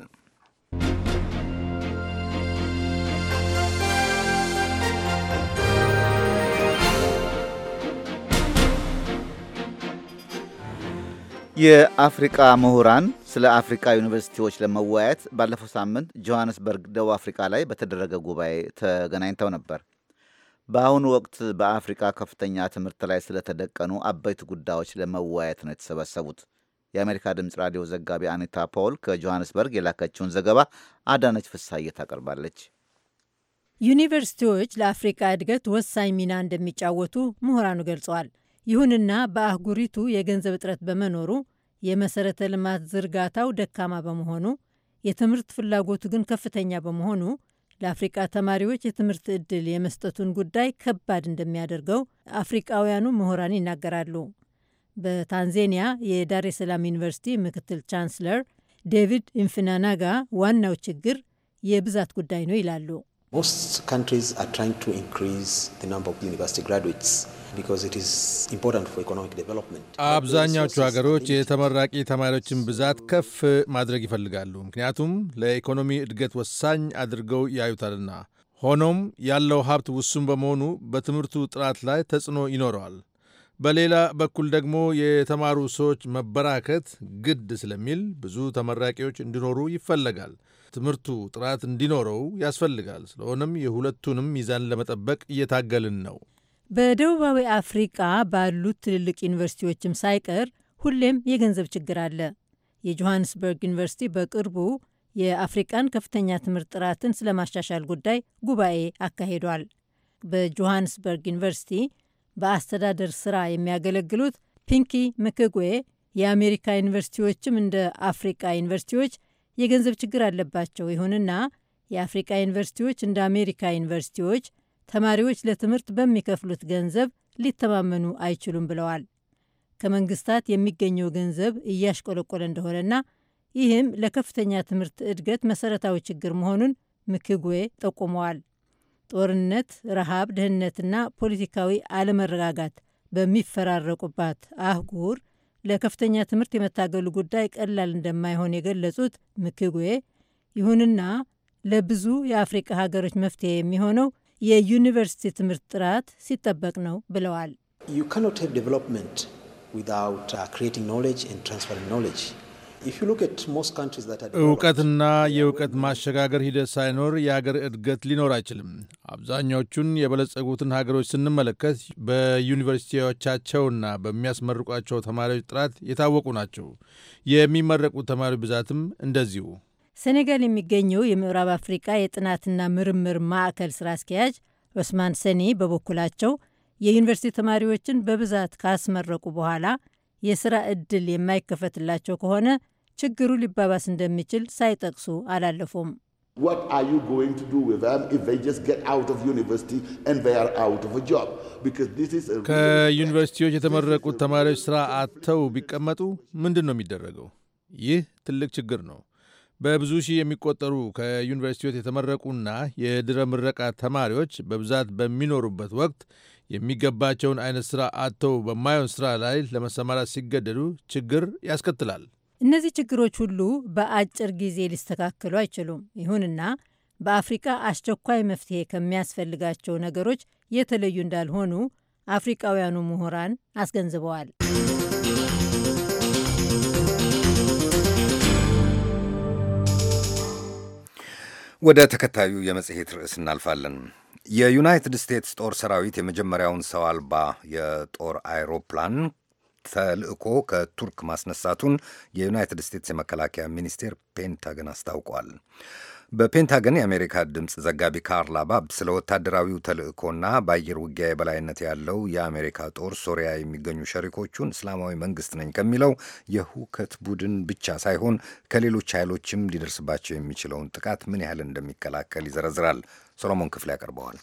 የአፍሪቃ ምሁራን ስለ አፍሪቃ ዩኒቨርሲቲዎች ለመወያየት ባለፈው ሳምንት ጆሃንስበርግ ደቡብ አፍሪቃ ላይ በተደረገ ጉባኤ ተገናኝተው ነበር። በአሁኑ ወቅት በአፍሪቃ ከፍተኛ ትምህርት ላይ ስለተደቀኑ አበይት ጉዳዮች ለመወያየት ነው የተሰበሰቡት። የአሜሪካ ድምፅ ራዲዮ ዘጋቢ አኒታ ፖል ከጆሃንስበርግ የላከችውን ዘገባ አዳነች ፍሳዬ ታቀርባለች። ዩኒቨርሲቲዎች ለአፍሪቃ እድገት ወሳኝ ሚና እንደሚጫወቱ ምሁራኑ ገልጸዋል። ይሁንና በአህጉሪቱ የገንዘብ እጥረት በመኖሩ የመሰረተ ልማት ዝርጋታው ደካማ በመሆኑ የትምህርት ፍላጎቱ ግን ከፍተኛ በመሆኑ ለአፍሪቃ ተማሪዎች የትምህርት እድል የመስጠቱን ጉዳይ ከባድ እንደሚያደርገው አፍሪቃውያኑ ምሁራን ይናገራሉ። በታንዜኒያ የዳሬ ሰላም ዩኒቨርሲቲ ምክትል ቻንስለር ዴቪድ ኢንፍናናጋ ዋናው ችግር የብዛት ጉዳይ ነው ይላሉ። ሞስት ካንትሪስ አር ትራይንግ ቱ ኢንክሪዝ ዘ ኦፍ ዩኒቨርሲቲ ግራጁዌትስ Uh, አብዛኛዎቹ ሀገሮች የተመራቂ ተማሪዎችን ብዛት ከፍ ማድረግ ይፈልጋሉ፣ ምክንያቱም ለኢኮኖሚ እድገት ወሳኝ አድርገው ያዩታልና። ሆኖም ያለው ሀብት ውሱን በመሆኑ በትምህርቱ ጥራት ላይ ተጽዕኖ ይኖረዋል። በሌላ በኩል ደግሞ የተማሩ ሰዎች መበራከት ግድ ስለሚል ብዙ ተመራቂዎች እንዲኖሩ ይፈለጋል። ትምህርቱ ጥራት እንዲኖረው ያስፈልጋል። ስለሆነም የሁለቱንም ሚዛን ለመጠበቅ እየታገልን ነው። በደቡባዊ አፍሪቃ ባሉት ትልልቅ ዩኒቨርሲቲዎችም ሳይቀር ሁሌም የገንዘብ ችግር አለ። የጆሃንስበርግ ዩኒቨርሲቲ በቅርቡ የአፍሪቃን ከፍተኛ ትምህርት ጥራትን ስለማሻሻል ጉዳይ ጉባኤ አካሂዷል። በጆሃንስበርግ ዩኒቨርሲቲ በአስተዳደር ስራ የሚያገለግሉት ፒንኪ ምክጉዌ የአሜሪካ ዩኒቨርሲቲዎችም እንደ አፍሪቃ ዩኒቨርሲቲዎች የገንዘብ ችግር አለባቸው። ይሁንና የአፍሪቃ ዩኒቨርሲቲዎች እንደ አሜሪካ ዩኒቨርሲቲዎች ተማሪዎች ለትምህርት በሚከፍሉት ገንዘብ ሊተማመኑ አይችሉም ብለዋል። ከመንግስታት የሚገኘው ገንዘብ እያሽቆለቆለ እንደሆነና ይህም ለከፍተኛ ትምህርት እድገት መሰረታዊ ችግር መሆኑን ምክጉዌ ጠቁመዋል። ጦርነት፣ ረሃብ፣ ድህነትና ፖለቲካዊ አለመረጋጋት በሚፈራረቁባት አህጉር ለከፍተኛ ትምህርት የመታገሉ ጉዳይ ቀላል እንደማይሆን የገለጹት ምክጉዌ፣ ይሁንና ለብዙ የአፍሪቃ ሀገሮች መፍትሄ የሚሆነው የዩኒቨርሲቲ ትምህርት ጥራት ሲጠበቅ ነው ብለዋል። uh, እውቀትና የእውቀት ማሸጋገር ሂደት ሳይኖር የሀገር እድገት ሊኖር አይችልም። አብዛኛዎቹን የበለጸጉትን ሀገሮች ስንመለከት በዩኒቨርሲቲዎቻቸውና በሚያስመርቋቸው ተማሪዎች ጥራት የታወቁ ናቸው። የሚመረቁት ተማሪዎች ብዛትም እንደዚሁ ሴኔጋል የሚገኘው የምዕራብ አፍሪቃ የጥናትና ምርምር ማዕከል ስራ አስኪያጅ ዑስማን ሰኔ በበኩላቸው የዩኒቨርሲቲ ተማሪዎችን በብዛት ካስመረቁ በኋላ የስራ እድል የማይከፈትላቸው ከሆነ ችግሩ ሊባባስ እንደሚችል ሳይጠቅሱ አላለፉም። ከዩኒቨርሲቲዎች የተመረቁት ተማሪዎች ስራ አጥተው ቢቀመጡ ምንድን ነው የሚደረገው? ይህ ትልቅ ችግር ነው። በብዙ ሺህ የሚቆጠሩ ከዩኒቨርሲቲዎች የተመረቁና የድረ ምረቃ ተማሪዎች በብዛት በሚኖሩበት ወቅት የሚገባቸውን አይነት ስራ አጥተው በማየውን ስራ ላይ ለመሰማራት ሲገደዱ ችግር ያስከትላል። እነዚህ ችግሮች ሁሉ በአጭር ጊዜ ሊስተካከሉ አይችሉም። ይሁንና በአፍሪቃ አስቸኳይ መፍትሄ ከሚያስፈልጋቸው ነገሮች የተለዩ እንዳልሆኑ አፍሪቃውያኑ ምሁራን አስገንዝበዋል። ወደ ተከታዩ የመጽሔት ርዕስ እናልፋለን። የዩናይትድ ስቴትስ ጦር ሰራዊት የመጀመሪያውን ሰው አልባ የጦር አይሮፕላን ተልእኮ ከቱርክ ማስነሳቱን የዩናይትድ ስቴትስ የመከላከያ ሚኒስቴር ፔንታገን አስታውቋል። በፔንታገን የአሜሪካ ድምፅ ዘጋቢ ካርላ ባብ ስለ ወታደራዊው ተልዕኮና በአየር ውጊያ የበላይነት ያለው የአሜሪካ ጦር ሶሪያ የሚገኙ ሸሪኮቹን እስላማዊ መንግስት ነኝ ከሚለው የሁከት ቡድን ብቻ ሳይሆን ከሌሎች ኃይሎችም ሊደርስባቸው የሚችለውን ጥቃት ምን ያህል እንደሚከላከል ይዘረዝራል። ሶሎሞን ክፍሌ ያቀርበዋል።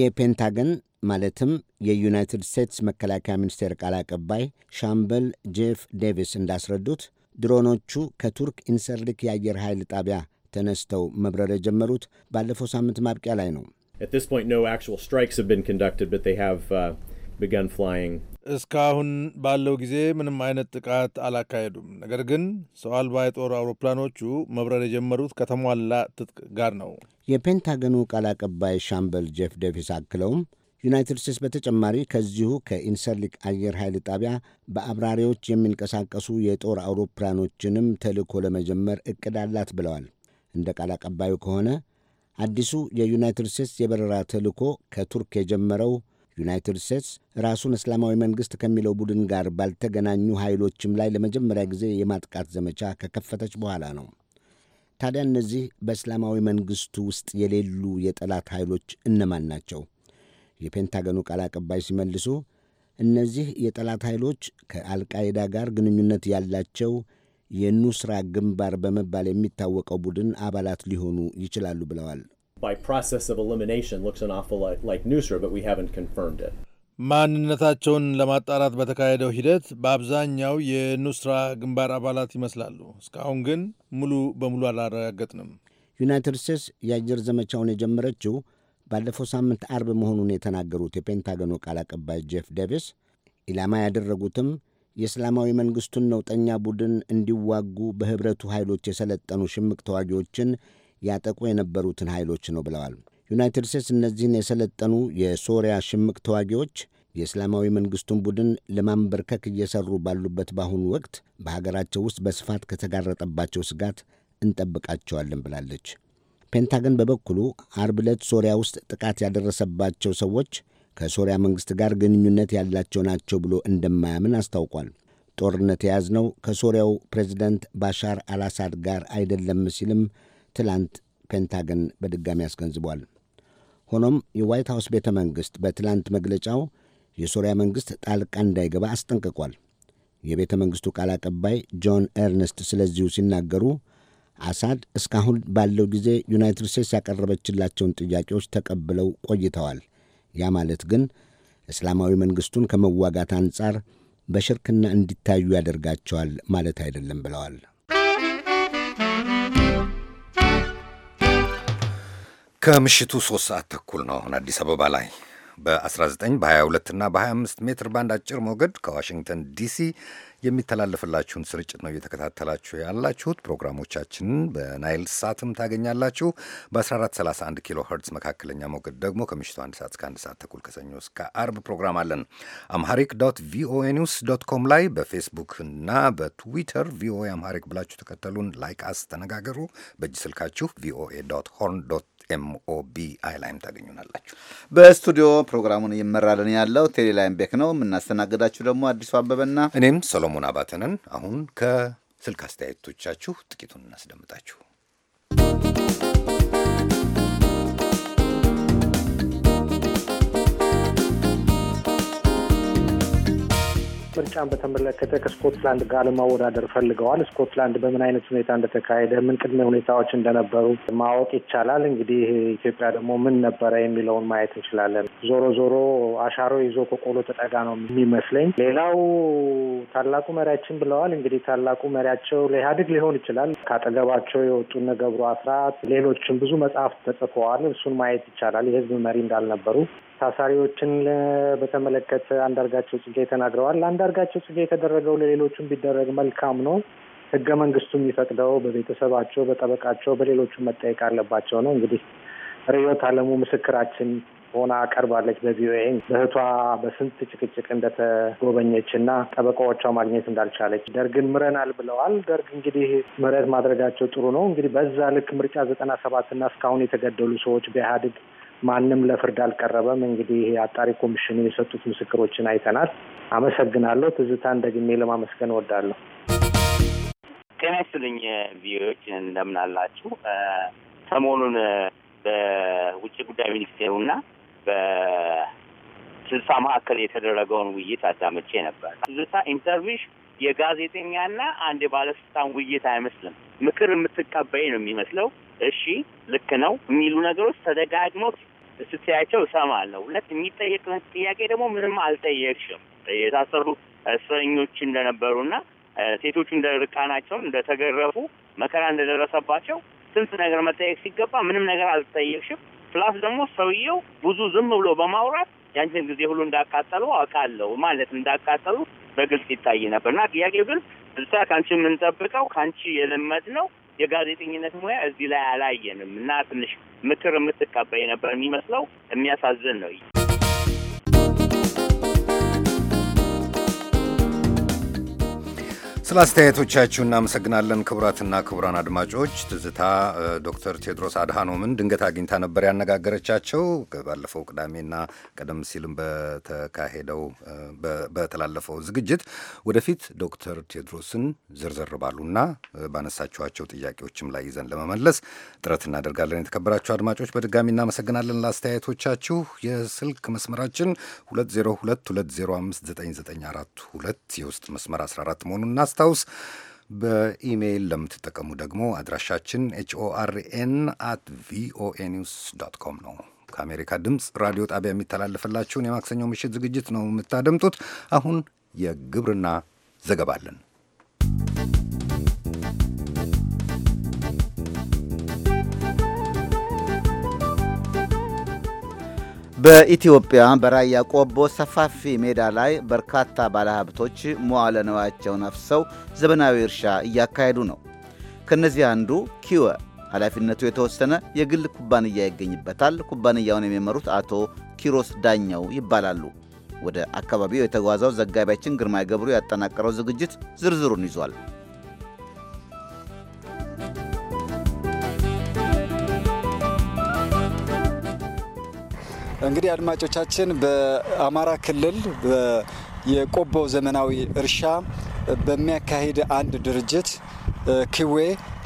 የፔንታገን ማለትም የዩናይትድ ስቴትስ መከላከያ ሚኒስቴር ቃል አቀባይ ሻምበል ጄፍ ዴቪስ እንዳስረዱት ድሮኖቹ ከቱርክ ኢንሰርሊክ የአየር ኃይል ጣቢያ ተነስተው መብረር የጀመሩት ባለፈው ሳምንት ማብቂያ ላይ ነው። uh, እስካሁን ባለው ጊዜ ምንም አይነት ጥቃት አላካሄዱም። ነገር ግን ሰው አልባ የጦር አውሮፕላኖቹ መብረር የጀመሩት ከተሟላ ትጥቅ ጋር ነው። የፔንታገኑ ቃል አቀባይ ሻምበል ጄፍ ዴቪስ አክለውም ዩናይትድ ስቴትስ በተጨማሪ ከዚሁ ከኢንሰርሊክ አየር ኃይል ጣቢያ በአብራሪዎች የሚንቀሳቀሱ የጦር አውሮፕላኖችንም ተልእኮ ለመጀመር እቅድ አላት ብለዋል። እንደ ቃል አቀባዩ ከሆነ አዲሱ የዩናይትድ ስቴትስ የበረራ ተልእኮ ከቱርክ የጀመረው ዩናይትድ ስቴትስ ራሱን እስላማዊ መንግሥት ከሚለው ቡድን ጋር ባልተገናኙ ኃይሎችም ላይ ለመጀመሪያ ጊዜ የማጥቃት ዘመቻ ከከፈተች በኋላ ነው። ታዲያ እነዚህ በእስላማዊ መንግሥቱ ውስጥ የሌሉ የጠላት ኃይሎች እነማን ናቸው? የፔንታገኑ ቃል አቀባይ ሲመልሱ እነዚህ የጠላት ኃይሎች ከአልቃይዳ ጋር ግንኙነት ያላቸው የኑስራ ግንባር በመባል የሚታወቀው ቡድን አባላት ሊሆኑ ይችላሉ ብለዋል። ማንነታቸውን ለማጣራት በተካሄደው ሂደት በአብዛኛው የኑስራ ግንባር አባላት ይመስላሉ። እስካሁን ግን ሙሉ በሙሉ አላረጋገጥንም። ዩናይትድ ስቴትስ የአየር ዘመቻውን የጀመረችው ባለፈው ሳምንት አርብ መሆኑን የተናገሩት የፔንታገኑ ቃል አቀባይ ጄፍ ዴቪስ ኢላማ ያደረጉትም የእስላማዊ መንግሥቱን ነውጠኛ ቡድን እንዲዋጉ በኅብረቱ ኃይሎች የሰለጠኑ ሽምቅ ተዋጊዎችን ያጠቁ የነበሩትን ኃይሎች ነው ብለዋል። ዩናይትድ ስቴትስ እነዚህን የሰለጠኑ የሶሪያ ሽምቅ ተዋጊዎች የእስላማዊ መንግሥቱን ቡድን ለማንበርከክ እየሠሩ ባሉበት በአሁኑ ወቅት በሀገራቸው ውስጥ በስፋት ከተጋረጠባቸው ስጋት እንጠብቃቸዋለን ብላለች። ፔንታገን በበኩሉ አርብ ዕለት ሶሪያ ውስጥ ጥቃት ያደረሰባቸው ሰዎች ከሶሪያ መንግሥት ጋር ግንኙነት ያላቸው ናቸው ብሎ እንደማያምን አስታውቋል። ጦርነት የያዝነው ከሶሪያው ፕሬዚደንት ባሻር አልአሳድ ጋር አይደለም ሲልም ትላንት ፔንታገን በድጋሚ አስገንዝቧል። ሆኖም የዋይት ሃውስ ቤተ መንግሥት በትላንት መግለጫው የሶሪያ መንግሥት ጣልቃ እንዳይገባ አስጠንቅቋል። የቤተ መንግሥቱ ቃል አቀባይ ጆን ኤርነስት ስለዚሁ ሲናገሩ አሳድ እስካሁን ባለው ጊዜ ዩናይትድ ስቴትስ ያቀረበችላቸውን ጥያቄዎች ተቀብለው ቆይተዋል። ያ ማለት ግን እስላማዊ መንግሥቱን ከመዋጋት አንጻር በሽርክና እንዲታዩ ያደርጋቸዋል ማለት አይደለም ብለዋል። ከምሽቱ ሦስት ሰዓት ተኩል ነው አሁን አዲስ አበባ ላይ። በ19 በ22 እና በ25 ሜትር ባንድ አጭር ሞገድ ከዋሽንግተን ዲሲ የሚተላለፍላችሁን ስርጭት ነው እየተከታተላችሁ ያላችሁት። ፕሮግራሞቻችንን በናይል ሳትም ታገኛላችሁ። በ1431 ኪሎ ኸርትዝ መካከለኛ ሞገድ ደግሞ ከምሽቱ አንድ ሰዓት እስከ አንድ ሰዓት ተኩል ከሰኞ እስከ አርብ ፕሮግራም አለን። አምሃሪክ ዶት ቪኦኤ ኒውስ ዶት ኮም ላይ በፌስቡክ እና በትዊተር ቪኦኤ አምሃሪክ ብላችሁ ተከተሉን፣ ላይክ አስ፣ ተነጋገሩ። በእጅ ስልካችሁ ቪኦኤ ዶት ሆርን ዶት ኤምኦቢ አይ ላይም ታገኙናላችሁ። በስቱዲዮ ፕሮግራሙን እየመራልን ያለው ላይም ቤክ ነው። የምናስተናግዳችሁ ደግሞ አዲሱ አበበና እኔም ሰሎሞን አባተንን። አሁን ከስልክ አስተያየቶቻችሁ ጥቂቱን እናስደምጣችሁ። ምርጫን በተመለከተ ከስኮትላንድ ጋር ለማወዳደር ፈልገዋል። ስኮትላንድ በምን አይነት ሁኔታ እንደተካሄደ ምን ቅድመ ሁኔታዎች እንደነበሩ ማወቅ ይቻላል። እንግዲህ ኢትዮጵያ ደግሞ ምን ነበረ የሚለውን ማየት እንችላለን። ዞሮ ዞሮ አሻሮ ይዞ ከቆሎ ተጠጋ ነው የሚመስለኝ። ሌላው ታላቁ መሪያችን ብለዋል። እንግዲህ ታላቁ መሪያቸው ለኢህአዴግ ሊሆን ይችላል። ካጠገባቸው የወጡ እነ ገብሩ አስራት፣ ሌሎችም ብዙ መጽሐፍት ተጽፈዋል። እሱን ማየት ይቻላል። የህዝብ መሪ እንዳልነበሩ ታሳሪዎችን በተመለከተ አንዳርጋቸው ጽጌ ተናግረዋል። አንዳርጋቸው ጽጌ የተደረገው ለሌሎቹም ቢደረግ መልካም ነው። ህገ መንግስቱ የሚፈቅደው በቤተሰባቸው፣ በጠበቃቸው፣ በሌሎቹ መጠየቅ አለባቸው ነው። እንግዲህ ርዕዮት አለሙ ምስክራችን ሆና ቀርባለች። በቪኦኤ እህቷ በስንት ጭቅጭቅ እንደተጎበኘች እና ጠበቃዎቿ ማግኘት እንዳልቻለች ደርግን ምረናል ብለዋል። ደርግ እንግዲህ ምረት ማድረጋቸው ጥሩ ነው። እንግዲህ በዛ ልክ ምርጫ ዘጠና ሰባትና እስካሁን የተገደሉ ሰዎች በኢህአዴግ ማንም ለፍርድ አልቀረበም። እንግዲህ አጣሪ ኮሚሽኑ የሰጡት ምስክሮችን አይተናል። አመሰግናለሁ። ትዝታን ደግሜ ለማመስገን እወዳለሁ። ጤና ይስጥልኝ ቪዎች እንደምን አላችሁ? ሰሞኑን በውጭ ጉዳይ ሚኒስቴሩና በስልሳ መካከል የተደረገውን ውይይት አዳመቼ ነበር። ትዝታ ኢንተርቪሽ የጋዜጠኛና አንድ የባለስልጣን ውይይት አይመስልም። ምክር የምትቀበይ ነው የሚመስለው። እሺ ልክ ነው የሚሉ ነገሮች ተደጋግመው ስትያቸው እሰማለሁ። ሁለት የሚጠየቅ ጥያቄ ደግሞ ምንም አልጠየቅሽም። የታሰሩ እስረኞች እንደነበሩና ሴቶቹ ርቃናቸውን እንደተገረፉ መከራ እንደደረሰባቸው ስንት ነገር መጠየቅ ሲገባ ምንም ነገር አልጠየቅሽም። ፕላስ ደግሞ ሰውየው ብዙ ዝም ብሎ በማውራት ያንችን ጊዜ ሁሉ እንዳቃጠሉ አውቃለሁ ማለት እንዳቃጠሉ በግልጽ ይታይ ነበር እና ጥያቄው ግን እዛ ከአንቺ የምንጠብቀው ከአንቺ የለመድ ነው የጋዜጠኝነት ሙያ እዚህ ላይ አላየንም እና ትንሽ ምክር የምትቀበይ ነበር የሚመስለው። የሚያሳዝን ነው። ስለ አስተያየቶቻችሁ እናመሰግናለን። ክቡራትና ክቡራን አድማጮች ትዝታ ዶክተር ቴድሮስ አድሃኖምን ድንገት አግኝታ ነበር ያነጋገረቻቸው። ባለፈው ቅዳሜና ቀደም ሲልም በተካሄደው በተላለፈው ዝግጅት ወደፊት ዶክተር ቴድሮስን ዝርዝር ባሉና ባነሳችኋቸው ጥያቄዎችም ላይ ይዘን ለመመለስ ጥረት እናደርጋለን። የተከበራችሁ አድማጮች በድጋሚ እናመሰግናለን ለአስተያየቶቻችሁ። የስልክ መስመራችን 2022059942 የውስጥ መስመር 14 መሆኑና ስናስታውስ በኢሜይል ለምትጠቀሙ ደግሞ አድራሻችን ኤችኦአርኤን አት ቪኦኤ ኒውስ ዶት ኮም ነው። ከአሜሪካ ድምፅ ራዲዮ ጣቢያ የሚተላለፍላችሁን የማክሰኞው ምሽት ዝግጅት ነው የምታደምጡት። አሁን የግብርና ዘገባ አለን። በኢትዮጵያ በራያ ቆቦ ሰፋፊ ሜዳ ላይ በርካታ ባለሀብቶች መዋለ ንዋያቸውን አፍሰው ዘመናዊ እርሻ እያካሄዱ ነው። ከእነዚህ አንዱ ኪወ ኃላፊነቱ የተወሰነ የግል ኩባንያ ይገኝበታል። ኩባንያውን የሚመሩት አቶ ኪሮስ ዳኛው ይባላሉ። ወደ አካባቢው የተጓዘው ዘጋቢያችን ግርማ ገብሩ ያጠናቀረው ዝግጅት ዝርዝሩን ይዟል። እንግዲህ አድማጮቻችን በአማራ ክልል የቆቦ ዘመናዊ እርሻ በሚያካሂድ አንድ ድርጅት ክዌ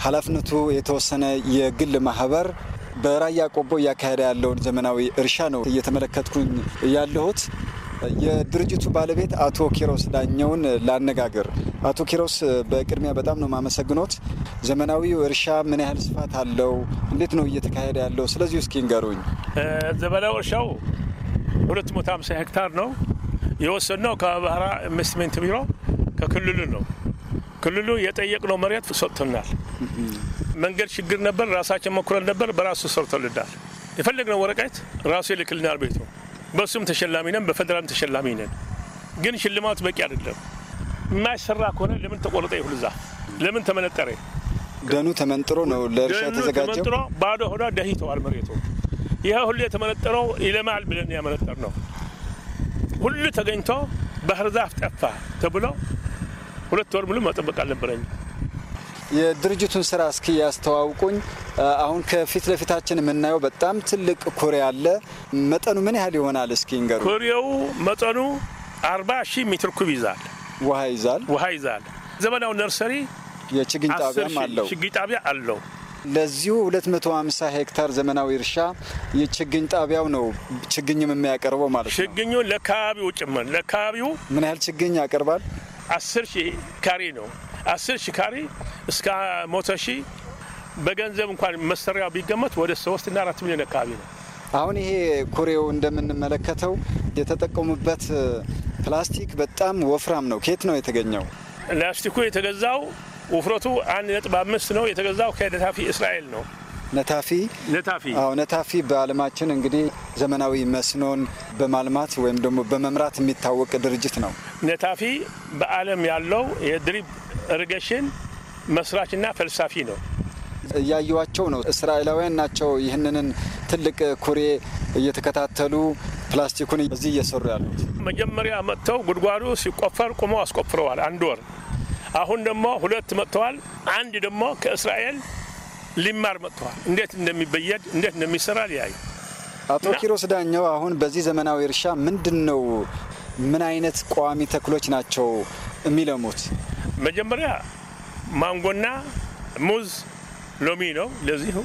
ኃላፊነቱ የተወሰነ የግል ማህበር በራያ ቆቦ እያካሄደ ያለውን ዘመናዊ እርሻ ነው እየተመለከትኩኝ ያለሁት። የድርጅቱ ባለቤት አቶ ኪሮስ ዳኘውን ላነጋግር። አቶ ኪሮስ በቅድሚያ በጣም ነው ማመሰግኖት። ዘመናዊው እርሻ ምን ያህል ስፋት አለው? እንዴት ነው እየተካሄደ ያለው? ስለዚህ እስኪ ንገሩኝ። ዘመናዊ እርሻው 250 ሄክታር ነው የወሰድነው ከባህራ ኢንቨስትመንት ቢሮ ከክልሉ ነው። ክልሉ የጠየቅነው መሬት ሰጥቶናል። መንገድ ችግር ነበር፣ ራሳችን ሞክረን ነበር። በራሱ ሰርቶልናል። የፈለግነው ወረቀት ራሱ ይልክልናል ቤቱ በሱም ተሸላሚ ነን፣ በፌዴራልም ተሸላሚ ነን። ግን ሽልማቱ በቂ አይደለም። የማይሰራ ከሆነ ለምን ተቆረጠ? ይሁል ዛፍ ለምን ተመነጠረ? ደኑ ተመንጥሮ ነው ለእርሻ ተዘጋጀው። ተመንጥሮ ባዶ ሆኖ ደሂተዋል መሬቱ። ይህ ሁሉ የተመነጠረው ይለማል ብለን ያመነጠር ነው። ሁሉ ተገኝቶ ባህር ዛፍ ጠፋ ተብሎ ሁለት ወር ሙሉ መጠበቅ አልነበረኝም። የድርጅቱን ስራ እስኪ ያስተዋውቁኝ። አሁን ከፊት ለፊታችን የምናየው በጣም ትልቅ ኩሬ አለ። መጠኑ ምን ያህል ይሆናል? እስኪ ንገሩ። ኩሬው መጠኑ አርባ ሺህ ሜትር ኩብ ይዛል። ውሃ ይዛል። ውሃ ይዛል። ዘመናዊ ነርሰሪ የችግኝ ጣቢያም አለው። ችግኝ ጣቢያ አለው። ለዚሁ 250 ሄክታር ዘመናዊ እርሻ የችግኝ ጣቢያው ነው ችግኝም የሚያቀርበው ማለት ነው። ችግኙ ለካባቢው ጭምር ለካባቢው ምን ያህል ችግኝ ያቀርባል? አስር ሺህ ካሬ ነው አስር ሺ ካሬ እስከ ሞተ ሺ በገንዘብ እንኳን መሰሪያው ቢገመት ወደ ሶስት እና አራት ሚሊዮን አካባቢ ነው። አሁን ይሄ ኩሬው እንደምንመለከተው የተጠቀሙበት ፕላስቲክ በጣም ወፍራም ነው። ከየት ነው የተገኘው? ፕላስቲኩ የተገዛው ውፍረቱ አንድ ነጥብ አምስት ነው። የተገዛው ከነታፊ እስራኤል ነው። ነታፊ ነታፊ አዎ፣ ነታፊ በዓለማችን እንግዲህ ዘመናዊ መስኖን በማልማት ወይም ደግሞ በመምራት የሚታወቅ ድርጅት ነው። ነታፊ በዓለም ያለው የድሪብ እርገሽን መስራችና ፈልሳፊ ነው። እያየዋቸው ነው። እስራኤላውያን ናቸው ይህንንን ትልቅ ኩሬ እየተከታተሉ ፕላስቲኩን እዚህ እየሰሩ ያሉት። መጀመሪያ መጥተው ጉድጓዱ ሲቆፈር ቁመው አስቆፍረዋል አንድ ወር። አሁን ደግሞ ሁለት መጥተዋል። አንድ ደግሞ ከእስራኤል ሊማር መጥተዋል። እንዴት እንደሚበየድ እንዴት እንደሚሰራ ሊያዩ። አቶ ኪሮስ ዳኛው አሁን በዚህ ዘመናዊ እርሻ ምንድን ነው ምን አይነት ቋሚ ተክሎች ናቸው የሚለሙት? መጀመሪያ ማንጎና ሙዝ፣ ሎሚ ነው ለዚሁ።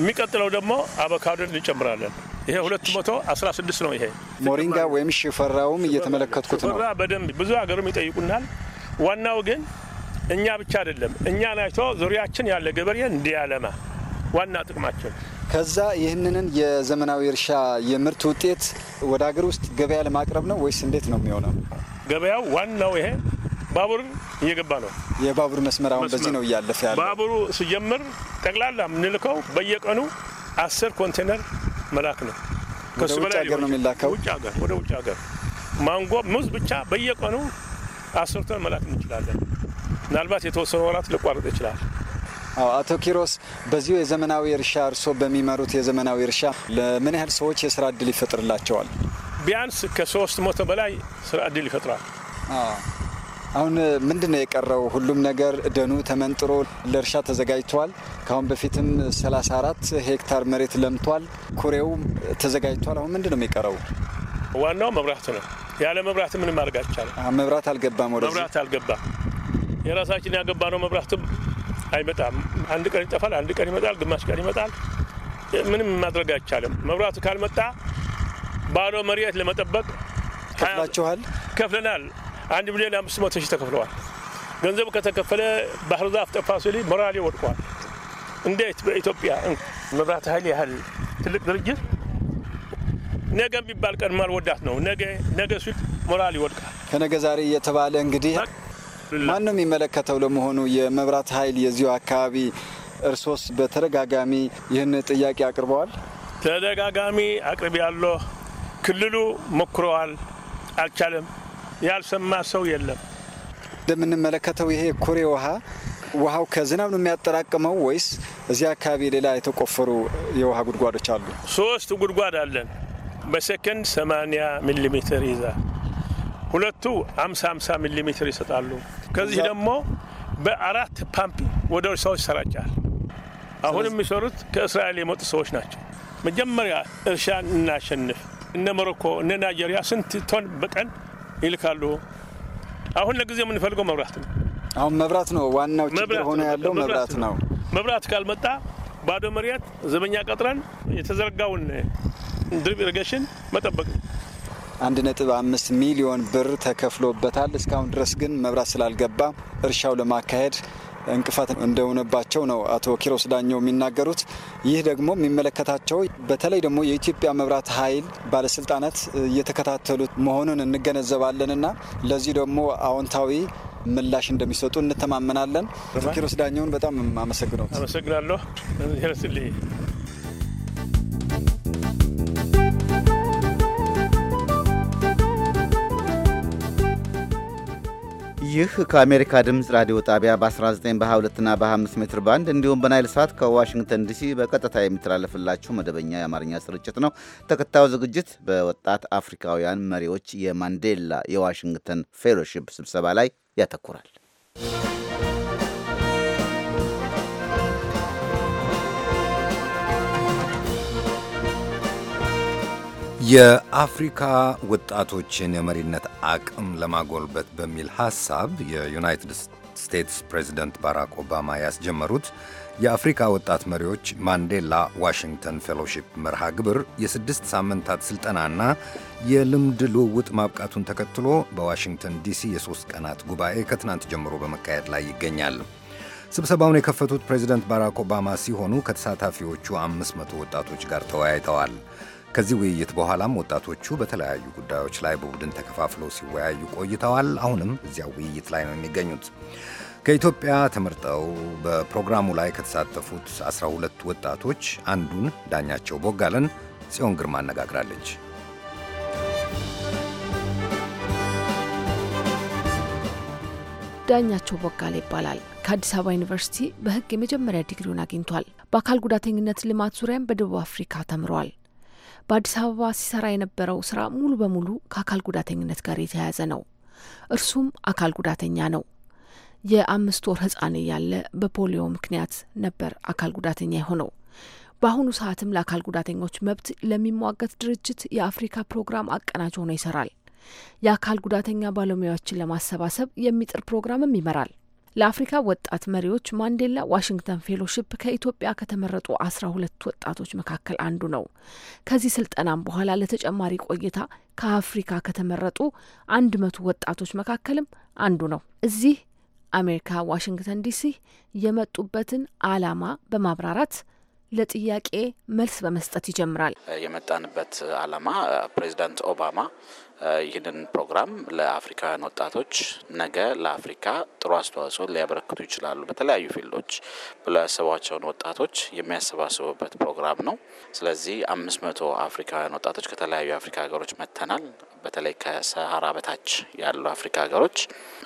የሚቀጥለው ደግሞ አቮካዶ እንጨምራለን። ይሄ 216 ነው። ይሄ ሞሪንጋ ወይም ሽፈራውም እየተመለከትኩት ነው። በደንብ ብዙ ሀገርም ይጠይቁናል። ዋናው ግን እኛ ብቻ አይደለም፣ እኛ ናይቶ ዙሪያችን ያለ ገበሬ እንዲያለማ ዋና ጥቅማቸው ከዛ ይህንንን የዘመናዊ እርሻ የምርት ውጤት ወደ ሀገር ውስጥ ገበያ ለማቅረብ ነው ወይስ እንዴት ነው የሚሆነው? ገበያው ዋናው ይሄ ባቡር እየገባ ነው። የባቡር መስመር አሁን በዚህ ነው እያለፈ ያለ። ባቡሩ ሲጀምር ጠቅላላ የምንልከው በየቀኑ አስር ኮንቴነር መላክ ነው። ከሱ በላይ ሀገር ነው የሚላከው ውጭ ሀገር፣ ወደ ውጭ ሀገር ማንጎ፣ ሙዝ ብቻ በየቀኑ አስር ቶን መላክ እንችላለን። ምናልባት የተወሰኑ ወራት ሊቋረጥ ይችላል። አቶ ኪሮስ በዚሁ የዘመናዊ እርሻ እርሶ በሚመሩት የዘመናዊ እርሻ ለምን ያህል ሰዎች የስራ እድል ይፈጥርላቸዋል? ቢያንስ ከሶስት መቶ በላይ ስራ እድል ይፈጥራል። አሁን ምንድን ነው የቀረው? ሁሉም ነገር ደኑ ተመንጥሮ ለእርሻ ተዘጋጅተዋል። ከአሁን በፊትም 34 ሄክታር መሬት ለምቷል። ኩሬው ተዘጋጅቷል። አሁን ምንድን ነው የሚቀረው? ዋናው መብራት ነው። ያለ መብራት ምንም ማድረግ አይቻልም። መብራት አልገባም፣ ወደ መብራት አልገባም። የራሳችን ያገባ ነው። መብራትም አይመጣም። አንድ ቀን ይጠፋል፣ አንድ ቀን ይመጣል፣ ግማሽ ቀን ይመጣል። ምንም ማድረግ አይቻልም። መብራቱ ካልመጣ ባዶ መሬት ለመጠበቅ ከፍላችኋል? ከፍለናል። አንድ ሚሊዮን አምስት መቶ ሺህ ተከፍለዋል። ገንዘብ ከተከፈለ ባህር ዛፍ ጠፋ ሲል ሞራሌ ወድቋል። እንዴት በኢትዮጵያ መብራት ኃይል ያህል ትልቅ ድርጅት ነገ የሚባል ቀን ማልወዳት ነው። ነገ ነገ ሲል ሞራል ይወድቃል። ከነገ ዛሬ እየተባለ እንግዲህ ማን ነው የሚመለከተው ለመሆኑ የመብራት ኃይል የዚሁ አካባቢ? እርሶስ በተደጋጋሚ ይህን ጥያቄ አቅርበዋል? ተደጋጋሚ አቅርቤ ያለሁ ክልሉ ሞክረዋል፣ አልቻለም። ያልሰማ ሰው የለም። እንደምንመለከተው ይሄ ኩሬ ውሃ ውሃው ከዝናብ ነው የሚያጠራቅመው ወይስ እዚህ አካባቢ ሌላ የተቆፈሩ የውሃ ጉድጓዶች አሉ? ሶስት ጉድጓድ አለን። በሴከንድ 80 ሚሊ ሜትር ይዛል። ሁለቱ 50 50 ሚሊ ሜትር ይሰጣሉ። ከዚህ ደግሞ በአራት ፓምፕ ወደ እርሻዎች ይሰራጫል። አሁን የሚሰሩት ከእስራኤል የመጡ ሰዎች ናቸው። መጀመሪያ እርሻ እናሸንፍ። እነ ሞሮኮ እነ ናይጄሪያ ስንት ቶን በቀን ይልካሉ። አሁን ለጊዜ የምንፈልገው መብራት ነው። አሁን መብራት ነው ዋናው ችግር ሆነ ያለው መብራት ነው። መብራት ካልመጣ ባዶ መሬት ዘበኛ ቀጥረን የተዘረጋውን ድሪፕ ኢሪጌሽን መጠበቅ ነው። አንድ ነጥብ አምስት ሚሊዮን ብር ተከፍሎበታል። እስካሁን ድረስ ግን መብራት ስላልገባ እርሻው ለማካሄድ እንቅፋት እንደሆነባቸው ነው አቶ ኪሮስ ዳኘው የሚናገሩት። ይህ ደግሞ የሚመለከታቸው በተለይ ደግሞ የኢትዮጵያ መብራት ኃይል ባለስልጣናት እየተከታተሉት መሆኑን እንገነዘባለንና ለዚህ ደግሞ አዎንታዊ ምላሽ እንደሚሰጡ እንተማመናለን። አቶ ኪሮስ ዳኘውን በጣም አመሰግነው። አመሰግናለሁ። ይህ ከአሜሪካ ድምፅ ራዲዮ ጣቢያ በ19 በ22ና በ25 ሜትር ባንድ እንዲሁም በናይል ሰዓት ከዋሽንግተን ዲሲ በቀጥታ የሚተላለፍላችሁ መደበኛ የአማርኛ ስርጭት ነው። ተከታዩ ዝግጅት በወጣት አፍሪካውያን መሪዎች የማንዴላ የዋሽንግተን ፌሎሺፕ ስብሰባ ላይ ያተኩራል። የአፍሪካ ወጣቶችን የመሪነት አቅም ለማጎልበት በሚል ሐሳብ የዩናይትድ ስቴትስ ፕሬዚደንት ባራክ ኦባማ ያስጀመሩት የአፍሪካ ወጣት መሪዎች ማንዴላ ዋሽንግተን ፌሎሺፕ መርሃ ግብር የስድስት ሳምንታት ሥልጠናና የልምድ ልውውጥ ማብቃቱን ተከትሎ በዋሽንግተን ዲሲ የሦስት ቀናት ጉባኤ ከትናንት ጀምሮ በመካሄድ ላይ ይገኛል። ስብሰባውን የከፈቱት ፕሬዚደንት ባራክ ኦባማ ሲሆኑ ከተሳታፊዎቹ አምስት መቶ ወጣቶች ጋር ተወያይተዋል። ከዚህ ውይይት በኋላም ወጣቶቹ በተለያዩ ጉዳዮች ላይ በቡድን ተከፋፍለው ሲወያዩ ቆይተዋል። አሁንም እዚያ ውይይት ላይ ነው የሚገኙት። ከኢትዮጵያ ተመርጠው በፕሮግራሙ ላይ ከተሳተፉት 12 ወጣቶች አንዱን ዳኛቸው ቦጋለን ጽዮን ግርማ አነጋግራለች። ዳኛቸው ቦጋለ ይባላል። ከአዲስ አበባ ዩኒቨርሲቲ በሕግ የመጀመሪያ ዲግሪውን አግኝቷል። በአካል ጉዳተኝነት ልማት ዙሪያም በደቡብ አፍሪካ ተምረዋል። በአዲስ አበባ ሲሰራ የነበረው ስራ ሙሉ በሙሉ ከአካል ጉዳተኝነት ጋር የተያያዘ ነው። እርሱም አካል ጉዳተኛ ነው። የአምስት ወር ህጻን እያለ በፖሊዮ ምክንያት ነበር አካል ጉዳተኛ የሆነው። በአሁኑ ሰዓትም ለአካል ጉዳተኞች መብት ለሚሟገት ድርጅት የአፍሪካ ፕሮግራም አቀናጅ ሆኖ ይሰራል። የአካል ጉዳተኛ ባለሙያዎችን ለማሰባሰብ የሚጥር ፕሮግራምም ይመራል። ለአፍሪካ ወጣት መሪዎች ማንዴላ ዋሽንግተን ፌሎሺፕ ከኢትዮጵያ ከተመረጡ አስራ ሁለት ወጣቶች መካከል አንዱ ነው። ከዚህ ስልጠናም በኋላ ለተጨማሪ ቆይታ ከአፍሪካ ከተመረጡ አንድ መቶ ወጣቶች መካከልም አንዱ ነው። እዚህ አሜሪካ ዋሽንግተን ዲሲ የመጡበትን ዓላማ በማብራራት ለጥያቄ መልስ በመስጠት ይጀምራል። የመጣንበት ዓላማ ፕሬዚዳንት ኦባማ ይህንን ፕሮግራም ለአፍሪካውያን ወጣቶች ነገ ለአፍሪካ ጥሩ አስተዋጽኦ ሊያበረክቱ ይችላሉ በተለያዩ ፊልዶች ብሎ ያሰቧቸውን ወጣቶች የሚያሰባስቡበት ፕሮግራም ነው። ስለዚህ አምስት መቶ አፍሪካውያን ወጣቶች ከተለያዩ የአፍሪካ ሀገሮች መጥተናል። በተለይ ከሰሃራ በታች ያሉ አፍሪካ ሀገሮች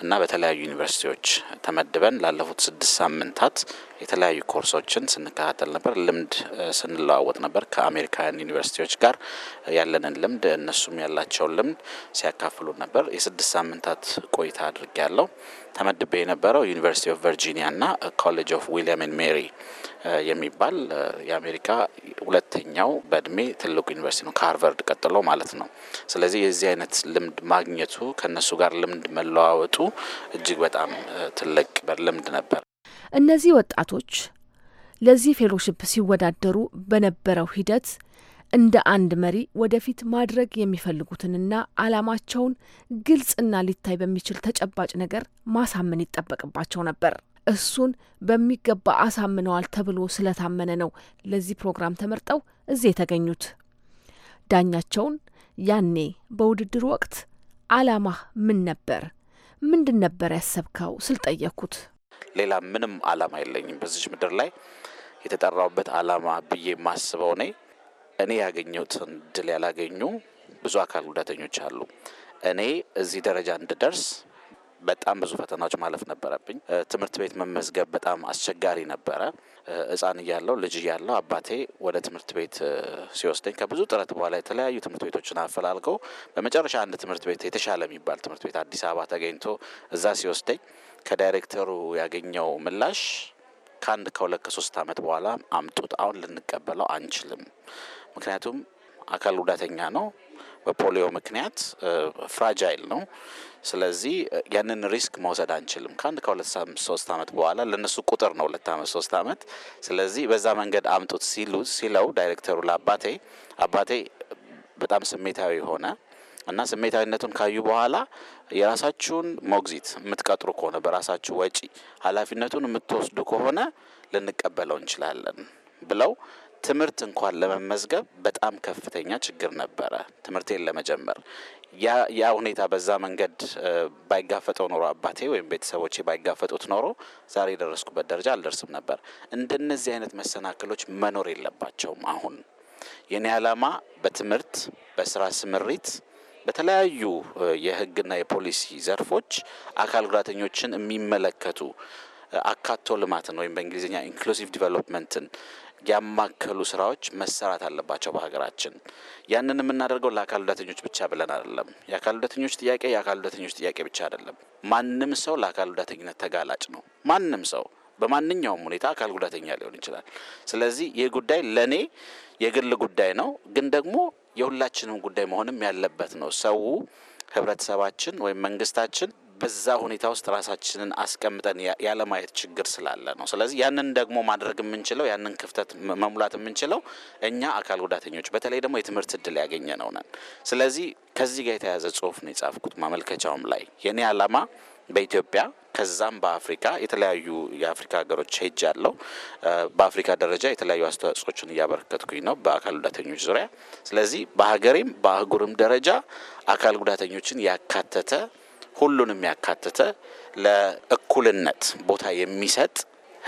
እና በተለያዩ ዩኒቨርሲቲዎች ተመድበን ላለፉት ስድስት ሳምንታት የተለያዩ ኮርሶችን ስንከታተል ነበር፣ ልምድ ስንለዋወጥ ነበር ከአሜሪካውያን ዩኒቨርሲቲዎች ጋር ያለንን ልምድ እነሱም ያላቸውን ልምድ ሲያካፍሉ ነበር። የስድስት ሳምንታት ቆይታ አድርጌ ያለው ተመድቤ የነበረው ዩኒቨርሲቲ ኦፍ ቨርጂኒያ እና ኮሌጅ ኦፍ ዊሊያም ን ሜሪ የሚባል የአሜሪካ ሁለተኛው በእድሜ ትልቁ ዩኒቨርሲቲ ነው ከሃርቨርድ ቀጥሎ ማለት ነው። ስለዚህ የዚህ አይነት ልምድ ማግኘቱ ከእነሱ ጋር ልምድ መለዋወጡ እጅግ በጣም ትልቅ ልምድ ነበር። እነዚህ ወጣቶች ለዚህ ፌሎሽፕ ሲወዳደሩ በነበረው ሂደት እንደ አንድ መሪ ወደፊት ማድረግ የሚፈልጉትንና አላማቸውን ግልጽና ሊታይ በሚችል ተጨባጭ ነገር ማሳመን ይጠበቅባቸው ነበር። እሱን በሚገባ አሳምነዋል ተብሎ ስለታመነ ነው ለዚህ ፕሮግራም ተመርጠው እዚህ የተገኙት። ዳኛቸውን ያኔ በውድድር ወቅት አላማህ ምን ነበር? ምንድን ነበር ያሰብከው? ስል ጠየቅኩት። ሌላ ምንም አላማ የለኝም በዚች ምድር ላይ የተጠራውበት አላማ ብዬ ማስበው እኔ እኔ ያገኘሁትን ድል ያላገኙ ብዙ አካል ጉዳተኞች አሉ። እኔ እዚህ ደረጃ እንድደርስ በጣም ብዙ ፈተናዎች ማለፍ ነበረብኝ። ትምህርት ቤት መመዝገብ በጣም አስቸጋሪ ነበረ። ህፃን እያለው ልጅ እያለው አባቴ ወደ ትምህርት ቤት ሲወስደኝ ከብዙ ጥረት በኋላ የተለያዩ ትምህርት ቤቶችን አፈላልገው በመጨረሻ አንድ ትምህርት ቤት የተሻለ የሚባል ትምህርት ቤት አዲስ አበባ ተገኝቶ እዛ ሲወስደኝ ከዳይሬክተሩ ያገኘው ምላሽ ከአንድ ከሁለት ከሶስት ዓመት በኋላ አምጡት፣ አሁን ልንቀበለው አንችልም። ምክንያቱም አካል ጉዳተኛ ነው፣ በፖሊዮ ምክንያት ፍራጃይል ነው። ስለዚህ ያንን ሪስክ መውሰድ አንችልም። ከአንድ ከሁለት ሶስት ዓመት በኋላ ለእነሱ ቁጥር ነው ሁለት ዓመት ሶስት ዓመት። ስለዚህ በዛ መንገድ አምጡት ሲሉ ሲለው ዳይሬክተሩ ለአባቴ አባቴ በጣም ስሜታዊ ሆነ። እና ስሜታዊነቱን ካዩ በኋላ የራሳችሁን ሞግዚት የምትቀጥሩ ከሆነ በራሳችሁ ወጪ ኃላፊነቱን የምትወስዱ ከሆነ ልንቀበለው እንችላለን ብለው ትምህርት እንኳን ለመመዝገብ በጣም ከፍተኛ ችግር ነበረ። ትምህርቴን ለመጀመር ያ ሁኔታ በዛ መንገድ ባይጋፈጠው ኖሮ አባቴ ወይም ቤተሰቦቼ ባይጋፈጡት ኖሮ ዛሬ የደረስኩበት ደረጃ አልደርስም ነበር። እንደነዚህ አይነት መሰናክሎች መኖር የለባቸውም። አሁን የኔ ዓላማ በትምህርት በስራ ስምሪት በተለያዩ የህግና የፖሊሲ ዘርፎች አካል ጉዳተኞችን የሚመለከቱ አካቶ ልማትን ወይም በእንግሊዝኛ ኢንክሉሲቭ ዲቨሎፕመንትን ያማከሉ ስራዎች መሰራት አለባቸው በሀገራችን። ያንን የምናደርገው ለአካል ጉዳተኞች ብቻ ብለን አይደለም። የአካል ጉዳተኞች ጥያቄ የአካል ጉዳተኞች ጥያቄ ብቻ አይደለም። ማንም ሰው ለአካል ጉዳተኝነት ተጋላጭ ነው። ማንም ሰው በማንኛውም ሁኔታ አካል ጉዳተኛ ሊሆን ይችላል። ስለዚህ ይህ ጉዳይ ለእኔ የግል ጉዳይ ነው፣ ግን ደግሞ የሁላችንም ጉዳይ መሆንም ያለበት ነው። ሰው ህብረተሰባችን ወይም መንግስታችን በዛ ሁኔታ ውስጥ ራሳችንን አስቀምጠን ያለማየት ችግር ስላለ ነው። ስለዚህ ያንን ደግሞ ማድረግ የምንችለው ያንን ክፍተት መሙላት የምንችለው እኛ አካል ጉዳተኞች በተለይ ደግሞ የትምህርት እድል ያገኘ ነው ነን። ስለዚህ ከዚህ ጋር የተያያዘ ጽሁፍ ነው የጻፍኩት ማመልከቻውም ላይ የኔ አላማ በኢትዮጵያ ከዛም በአፍሪካ የተለያዩ የአፍሪካ ሀገሮች ሄጅ ያለው በአፍሪካ ደረጃ የተለያዩ አስተዋጽኦችን እያበረከትኩኝ ነው በአካል ጉዳተኞች ዙሪያ። ስለዚህ በሀገሬም በአህጉርም ደረጃ አካል ጉዳተኞችን ያካተተ ሁሉንም ያካተተ ለእኩልነት ቦታ የሚሰጥ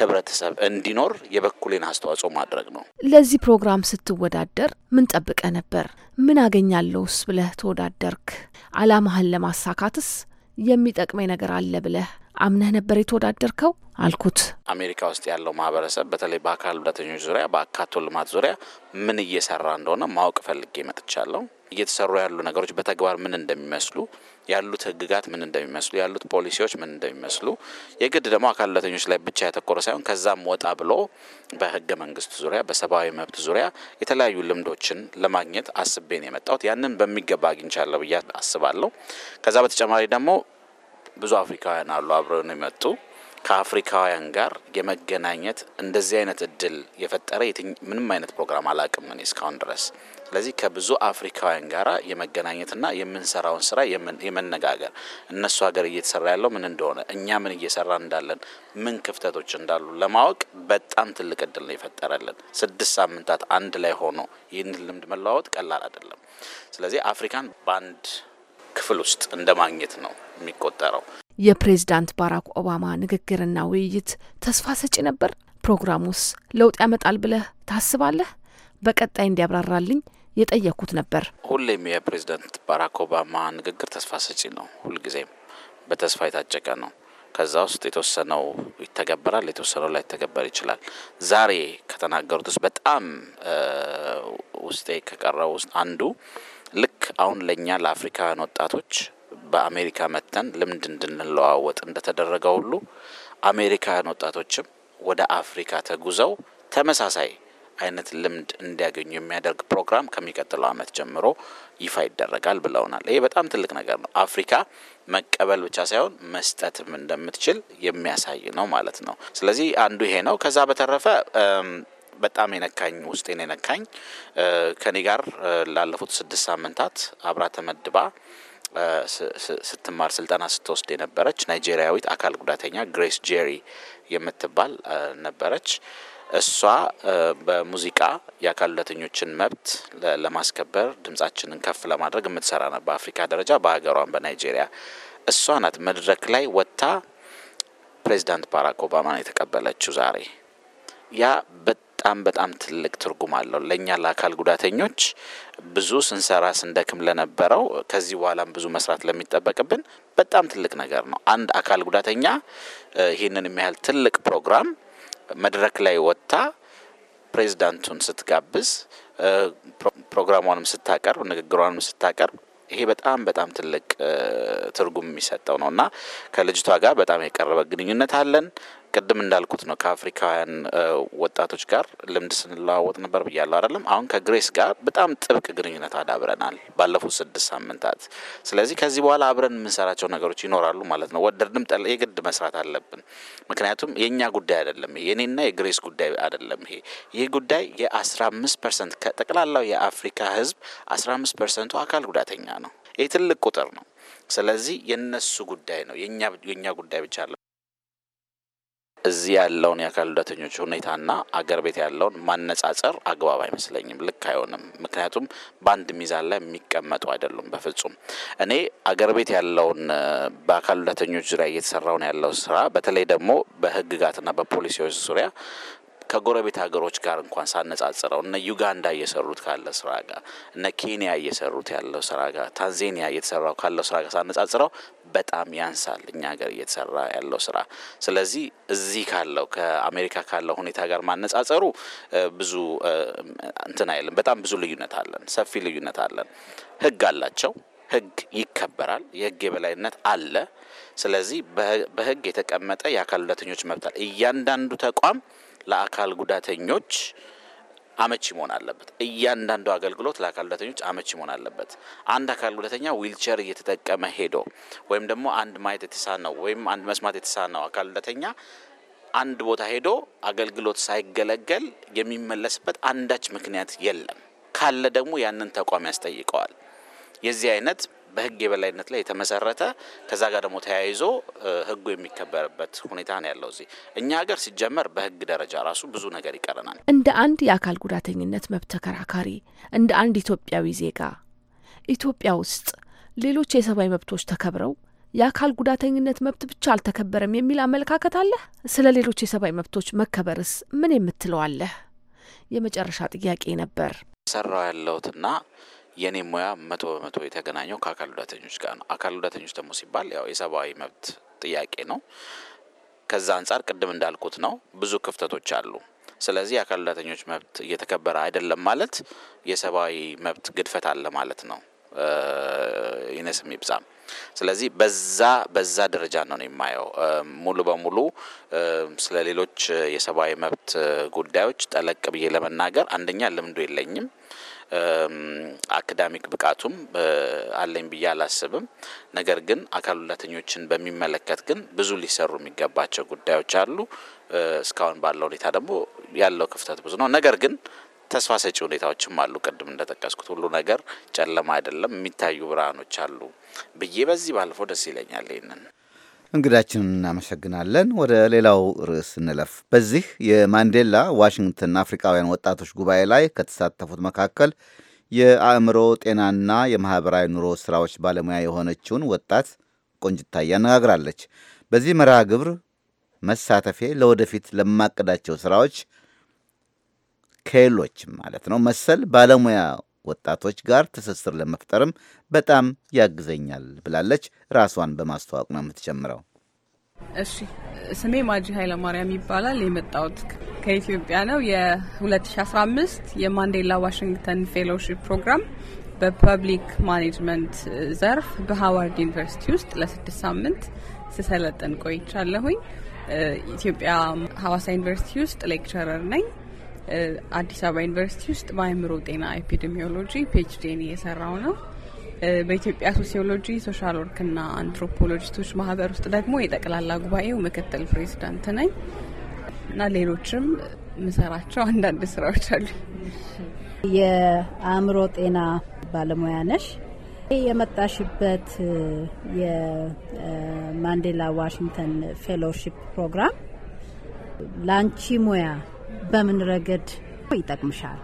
ህብረተሰብ እንዲኖር የበኩሌን አስተዋጽኦ ማድረግ ነው። ለዚህ ፕሮግራም ስትወዳደር ምን ጠብቀ ነበር? ምን አገኛለሁስ ብለህ ተወዳደርክ? አላማህን ለማሳካትስ የሚጠቅመኝ ነገር አለ ብለህ አምነህ ነበር የተወዳደርከው አልኩት። አሜሪካ ውስጥ ያለው ማህበረሰብ በተለይ በአካል ጉዳተኞች ዙሪያ በአካቶ ልማት ዙሪያ ምን እየሰራ እንደሆነ ማወቅ ፈልጌ መጥቻለሁ። እየተሰሩ ያሉ ነገሮች በተግባር ምን እንደሚመስሉ ያሉት ህግጋት ምን እንደሚመስሉ ያሉት ፖሊሲዎች ምን እንደሚመስሉ የግድ ደግሞ አካል ጉዳተኞች ላይ ብቻ ያተኮረ ሳይሆን ከዛም ወጣ ብሎ በህገ መንግስት ዙሪያ በሰብአዊ መብት ዙሪያ የተለያዩ ልምዶችን ለማግኘት አስቤን የመጣሁት ያንን በሚገባ አግኝቻለሁ ብዬ አስባለሁ። ከዛ በተጨማሪ ደግሞ ብዙ አፍሪካውያን አሉ አብረን የመጡ ከአፍሪካውያን ጋር የመገናኘት እንደዚህ አይነት እድል የፈጠረ ምንም አይነት ፕሮግራም አላቅም እኔ እስካሁን ድረስ ስለዚህ ከብዙ አፍሪካውያን ጋራ የመገናኘትና የምንሰራውን ስራ የመነጋገር እነሱ ሀገር እየተሰራ ያለው ምን እንደሆነ እኛ ምን እየሰራ እንዳለን ምን ክፍተቶች እንዳሉ ለማወቅ በጣም ትልቅ እድል ነው የፈጠረልን። ስድስት ሳምንታት አንድ ላይ ሆኖ ይህን ልምድ መለዋወጥ ቀላል አይደለም። ስለዚህ አፍሪካን በአንድ ክፍል ውስጥ እንደ ማግኘት ነው የሚቆጠረው። የፕሬዚዳንት ባራክ ኦባማ ንግግርና ውይይት ተስፋ ሰጪ ነበር። ፕሮግራሙስ ለውጥ ያመጣል ብለህ ታስባለህ? በቀጣይ እንዲያብራራልኝ የጠየኩት ነበር። ሁሌም የፕሬዚዳንት ባራክ ኦባማ ንግግር ተስፋ ሰጪ ነው። ሁልጊዜም በተስፋ የታጨቀ ነው። ከዛ ውስጥ የተወሰነው ይተገበራል፣ የተወሰነው ላይ ይችላል። ዛሬ ከተናገሩት ውስጥ በጣም ውስጤ ከቀረው ውስጥ አንዱ ልክ አሁን ለእኛ ለአፍሪካውያን ወጣቶች በአሜሪካ መጥተን ልምድ እንድንለዋወጥ እንደተደረገ ሁሉ አሜሪካውያን ወጣቶችም ወደ አፍሪካ ተጉዘው ተመሳሳይ አይነት ልምድ እንዲያገኙ የሚያደርግ ፕሮግራም ከሚቀጥለው ዓመት ጀምሮ ይፋ ይደረጋል ብለውናል። ይሄ በጣም ትልቅ ነገር ነው። አፍሪካ መቀበል ብቻ ሳይሆን መስጠትም እንደምትችል የሚያሳይ ነው ማለት ነው። ስለዚህ አንዱ ይሄ ነው። ከዛ በተረፈ በጣም የነካኝ ውስጤን የነካኝ ከኔ ጋር ላለፉት ስድስት ሳምንታት አብራ ተመድባ ስትማር ስልጠና ስትወስድ የነበረች ናይጄሪያዊት አካል ጉዳተኛ ግሬስ ጄሪ የምትባል ነበረች። እሷ በሙዚቃ የአካል ጉዳተኞችን መብት ለማስከበር ድምጻችንን ከፍ ለማድረግ የምትሰራ ነው። በአፍሪካ ደረጃ በሀገሯን በናይጄሪያ እሷ ናት መድረክ ላይ ወጥታ ፕሬዚዳንት ባራክ ኦባማን የተቀበለችው ዛሬ። ያ በጣም በጣም ትልቅ ትርጉም አለው ለእኛ ለአካል ጉዳተኞች ብዙ ስንሰራ ስንደክም ለነበረው ከዚህ በኋላም ብዙ መስራት ለሚጠበቅብን በጣም ትልቅ ነገር ነው። አንድ አካል ጉዳተኛ ይህንን የሚያህል ትልቅ ፕሮግራም መድረክ ላይ ወጥታ ፕሬዚዳንቱን ስትጋብዝ ፕሮግራሟንም ስታቀርብ ንግግሯንም ስታቀርብ ይሄ በጣም በጣም ትልቅ ትርጉም የሚሰጠው ነው እና ከልጅቷ ጋር በጣም የቀረበ ግንኙነት አለን። ቅድም እንዳልኩት ነው ከአፍሪካውያን ወጣቶች ጋር ልምድ ስንለዋወጥ ነበር ብያለሁ አይደለም። አሁን ከግሬስ ጋር በጣም ጥብቅ ግንኙነት አዳብረናል ባለፉት ስድስት ሳምንታት። ስለዚህ ከዚህ በኋላ አብረን የምንሰራቸው ነገሮች ይኖራሉ ማለት ነው። ወደድንም ጠላ የግድ መስራት አለብን። ምክንያቱም የእኛ ጉዳይ አይደለም ይሄ፣ የኔና የግሬስ ጉዳይ አይደለም ይሄ። ይህ ጉዳይ የ15 ፐርሰንት ከጠቅላላው የአፍሪካ ህዝብ 15 ፐርሰንቱ አካል ጉዳተኛ ነው። ይህ ትልቅ ቁጥር ነው። ስለዚህ የነሱ ጉዳይ ነው፣ የእኛ ጉዳይ ብቻ አለ እዚህ ያለውን የአካል ጉዳተኞች ሁኔታና አገር ቤት ያለውን ማነጻጸር አግባብ አይመስለኝም። ልክ አይሆንም። ምክንያቱም በአንድ ሚዛን ላይ የሚቀመጡ አይደሉም በፍጹም። እኔ አገር ቤት ያለውን በአካል ጉዳተኞች ዙሪያ እየተሰራውን ያለው ስራ በተለይ ደግሞ በህግጋትና በፖሊሲዎች ዙሪያ ከጎረቤት ሀገሮች ጋር እንኳን ሳነጻጽረው እነ ዩጋንዳ እየሰሩት ካለ ስራ ጋር እነ ኬንያ እየሰሩት ያለው ስራ ጋር ታንዜኒያ እየተሰራው ካለው ስራ ጋር ሳነጻጽረው በጣም ያንሳል እኛ ሀገር እየተሰራ ያለው ስራ። ስለዚህ እዚህ ካለው ከአሜሪካ ካለው ሁኔታ ጋር ማነጻጸሩ ብዙ እንትን አይልም። በጣም ብዙ ልዩነት አለን፣ ሰፊ ልዩነት አለን። ህግ አላቸው። ህግ ይከበራል። የህግ የበላይነት አለ። ስለዚህ በህግ የተቀመጠ የአካል ጉዳተኞች መብት አለ። እያንዳንዱ ተቋም ለአካል ጉዳተኞች አመቺ መሆን አለበት። እያንዳንዱ አገልግሎት ለአካል ጉዳተኞች አመቺ መሆን አለበት። አንድ አካል ጉዳተኛ ዊልቸር እየተጠቀመ ሄዶ ወይም ደግሞ አንድ ማየት የተሳነው ወይም አንድ መስማት የተሳነው አካል ጉዳተኛ አንድ ቦታ ሄዶ አገልግሎት ሳይገለገል የሚመለስበት አንዳች ምክንያት የለም። ካለ ደግሞ ያንን ተቋም ያስጠይቀዋል። የዚህ አይነት በህግ የበላይነት ላይ የተመሰረተ ከዛ ጋር ደግሞ ተያይዞ ህጉ የሚከበርበት ሁኔታ ነው ያለው። እዚህ እኛ ሀገር ሲጀመር በህግ ደረጃ ራሱ ብዙ ነገር ይቀረናል። እንደ አንድ የአካል ጉዳተኝነት መብት ተከራካሪ፣ እንደ አንድ ኢትዮጵያዊ ዜጋ ኢትዮጵያ ውስጥ ሌሎች የሰብአዊ መብቶች ተከብረው የአካል ጉዳተኝነት መብት ብቻ አልተከበረም የሚል አመለካከት አለህ? ስለ ሌሎች የሰብአዊ መብቶች መከበርስ ምን የምትለው አለህ? የመጨረሻ ጥያቄ ነበር። ሰራው ያለሁትና የኔ ሙያ መቶ በመቶ የተገናኘው ከአካል ጉዳተኞች ጋር ነው። አካል ጉዳተኞች ደግሞ ሲባል ያው የሰብአዊ መብት ጥያቄ ነው። ከዛ አንጻር ቅድም እንዳልኩት ነው ብዙ ክፍተቶች አሉ። ስለዚህ የአካል ጉዳተኞች መብት እየተከበረ አይደለም ማለት የሰብአዊ መብት ግድፈት አለ ማለት ነው። ይነስም ይብዛም። ስለዚህ በዛ በዛ ደረጃ ነው የማየው። ሙሉ በሙሉ ስለ ሌሎች የሰብአዊ መብት ጉዳዮች ጠለቅ ብዬ ለመናገር አንደኛ ልምዱ የለኝም። አካዳሚክ ብቃቱም አለኝ ብዬ አላስብም። ነገር ግን አካል ጉዳተኞችን በሚመለከት ግን ብዙ ሊሰሩ የሚገባቸው ጉዳዮች አሉ። እስካሁን ባለው ሁኔታ ደግሞ ያለው ክፍተት ብዙ ነው። ነገር ግን ተስፋ ሰጪ ሁኔታዎችም አሉ። ቅድም እንደጠቀስኩት ሁሉ ነገር ጨለማ አይደለም፣ የሚታዩ ብርሃኖች አሉ ብዬ በዚህ ባልፎ ደስ ይለኛል ይህንን እንግዳችንን እናመሰግናለን። ወደ ሌላው ርዕስ እንለፍ። በዚህ የማንዴላ ዋሽንግተን አፍሪካውያን ወጣቶች ጉባኤ ላይ ከተሳተፉት መካከል የአእምሮ ጤናና የማህበራዊ ኑሮ ስራዎች ባለሙያ የሆነችውን ወጣት ቆንጅታ አነጋግራለች። በዚህ መርሃ ግብር መሳተፌ ለወደፊት ለማቀዳቸው ስራዎች ከሌሎች ማለት ነው መሰል ባለሙያ ወጣቶች ጋር ትስስር ለመፍጠርም በጣም ያግዘኛል ብላለች። ራሷን በማስተዋወቅ ነው የምትጀምረው። እሺ፣ ስሜ ማጂ ኃይለማርያም ይባላል። የመጣሁት ከኢትዮጵያ ነው። የ2015 የማንዴላ ዋሽንግተን ፌሎሺፕ ፕሮግራም በፐብሊክ ማኔጅመንት ዘርፍ በሀዋርድ ዩኒቨርሲቲ ውስጥ ለስድስት ሳምንት ስሰለጥን ቆይቻለሁኝ። ኢትዮጵያ ሀዋሳ ዩኒቨርሲቲ ውስጥ ሌክቸረር ነኝ። አዲስ አበባ ዩኒቨርሲቲ ውስጥ በአእምሮ ጤና ኤፒዴሚዮሎጂ ፒኤችዲን የሰራው ነው። በኢትዮጵያ ሶሲዮሎጂ፣ ሶሻል ወርክና አንትሮፖሎጂስቶች ማህበር ውስጥ ደግሞ የጠቅላላ ጉባኤው ምክትል ፕሬዚዳንት ነኝ እና ሌሎችም ምሰራቸው አንዳንድ ስራዎች አሉ። የአእምሮ ጤና ባለሙያ ነሽ። የመጣሽበት የማንዴላ ዋሽንግተን ፌሎሺፕ ፕሮግራም ላንቺ ሙያ በምን ረገድ ይጠቅምሻል?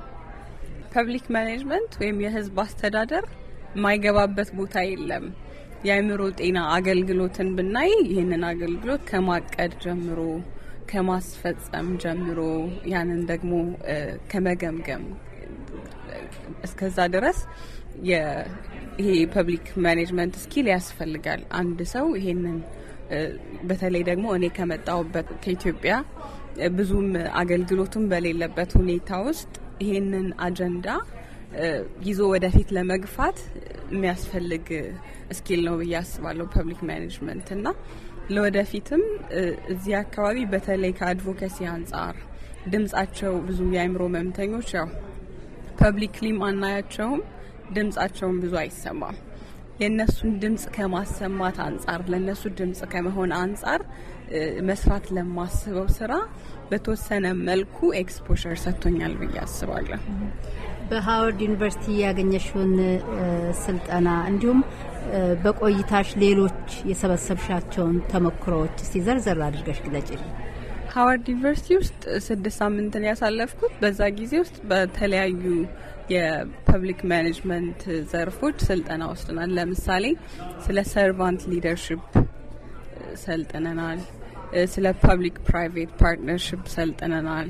ፐብሊክ ማኔጅመንት ወይም የህዝብ አስተዳደር የማይገባበት ቦታ የለም። የአእምሮ ጤና አገልግሎትን ብናይ ይህንን አገልግሎት ከማቀድ ጀምሮ ከማስፈጸም ጀምሮ ያንን ደግሞ ከመገምገም እስከዛ ድረስ ይሄ ፐብሊክ ማኔጅመንት ስኪል ያስፈልጋል። አንድ ሰው ይሄንን በተለይ ደግሞ እኔ ከመጣሁበት ከኢትዮጵያ ብዙም አገልግሎቱም በሌለበት ሁኔታ ውስጥ ይሄንን አጀንዳ ይዞ ወደፊት ለመግፋት የሚያስፈልግ ስኪል ነው ብዬ አስባለሁ ፐብሊክ ማኔጅመንት እና ለወደፊትም እዚህ አካባቢ በተለይ ከአድቮኬሲ አንጻር ድምጻቸው ብዙ የአይምሮ መምተኞች ያው ፐብሊክሊም አናያቸውም፣ ድምጻቸውን ብዙ አይሰማም። የእነሱን ድምጽ ከማሰማት አንጻር ለእነሱ ድምጽ ከመሆን አንጻር መስራት ለማስበው ስራ በተወሰነ መልኩ ኤክስፖሸር ሰጥቶኛል ብዬ አስባለሁ። በሀዋርድ ዩኒቨርሲቲ ያገኘሽውን ስልጠና እንዲሁም በቆይታሽ ሌሎች የሰበሰብሻቸውን ተሞክሮዎች እስቲ ዘርዘር አድርገሽ ግለጭ። ሀዋርድ ዩኒቨርሲቲ ውስጥ ስድስት ሳምንትን ያሳለፍኩት በዛ ጊዜ ውስጥ በተለያዩ የፐብሊክ ማኔጅመንት ዘርፎች ስልጠና ወስደናል። ለምሳሌ ስለ ሰርቫንት ሊደርሽፕ ሰልጥነናል። ስለ ፐብሊክ ፕራይቬት ፓርትነርሽፕ ሰልጥነናል።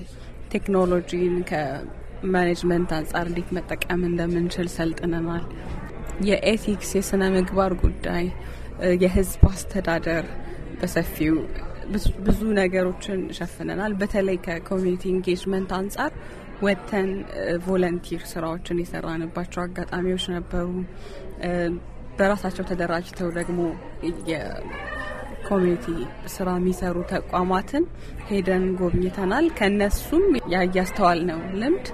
ቴክኖሎጂን ከማኔጅመንት አንጻር እንዴት መጠቀም እንደምንችል ሰልጥነናል። የኤቲክስ፣ የስነ ምግባር ጉዳይ፣ የህዝብ አስተዳደር በሰፊው ብዙ ነገሮችን ሸፍነናል። በተለይ ከኮሚኒቲ ኢንጌጅመንት አንጻር ወጥተን ቮለንቲር ስራዎችን የሰራንባቸው አጋጣሚዎች ነበሩ። በራሳቸው ተደራጅተው ደግሞ ኮሚኒቲ ስራ የሚሰሩ ተቋማትን ሄደን ጎብኝተናል። ከነሱም ያያስተዋል ነው ልምድ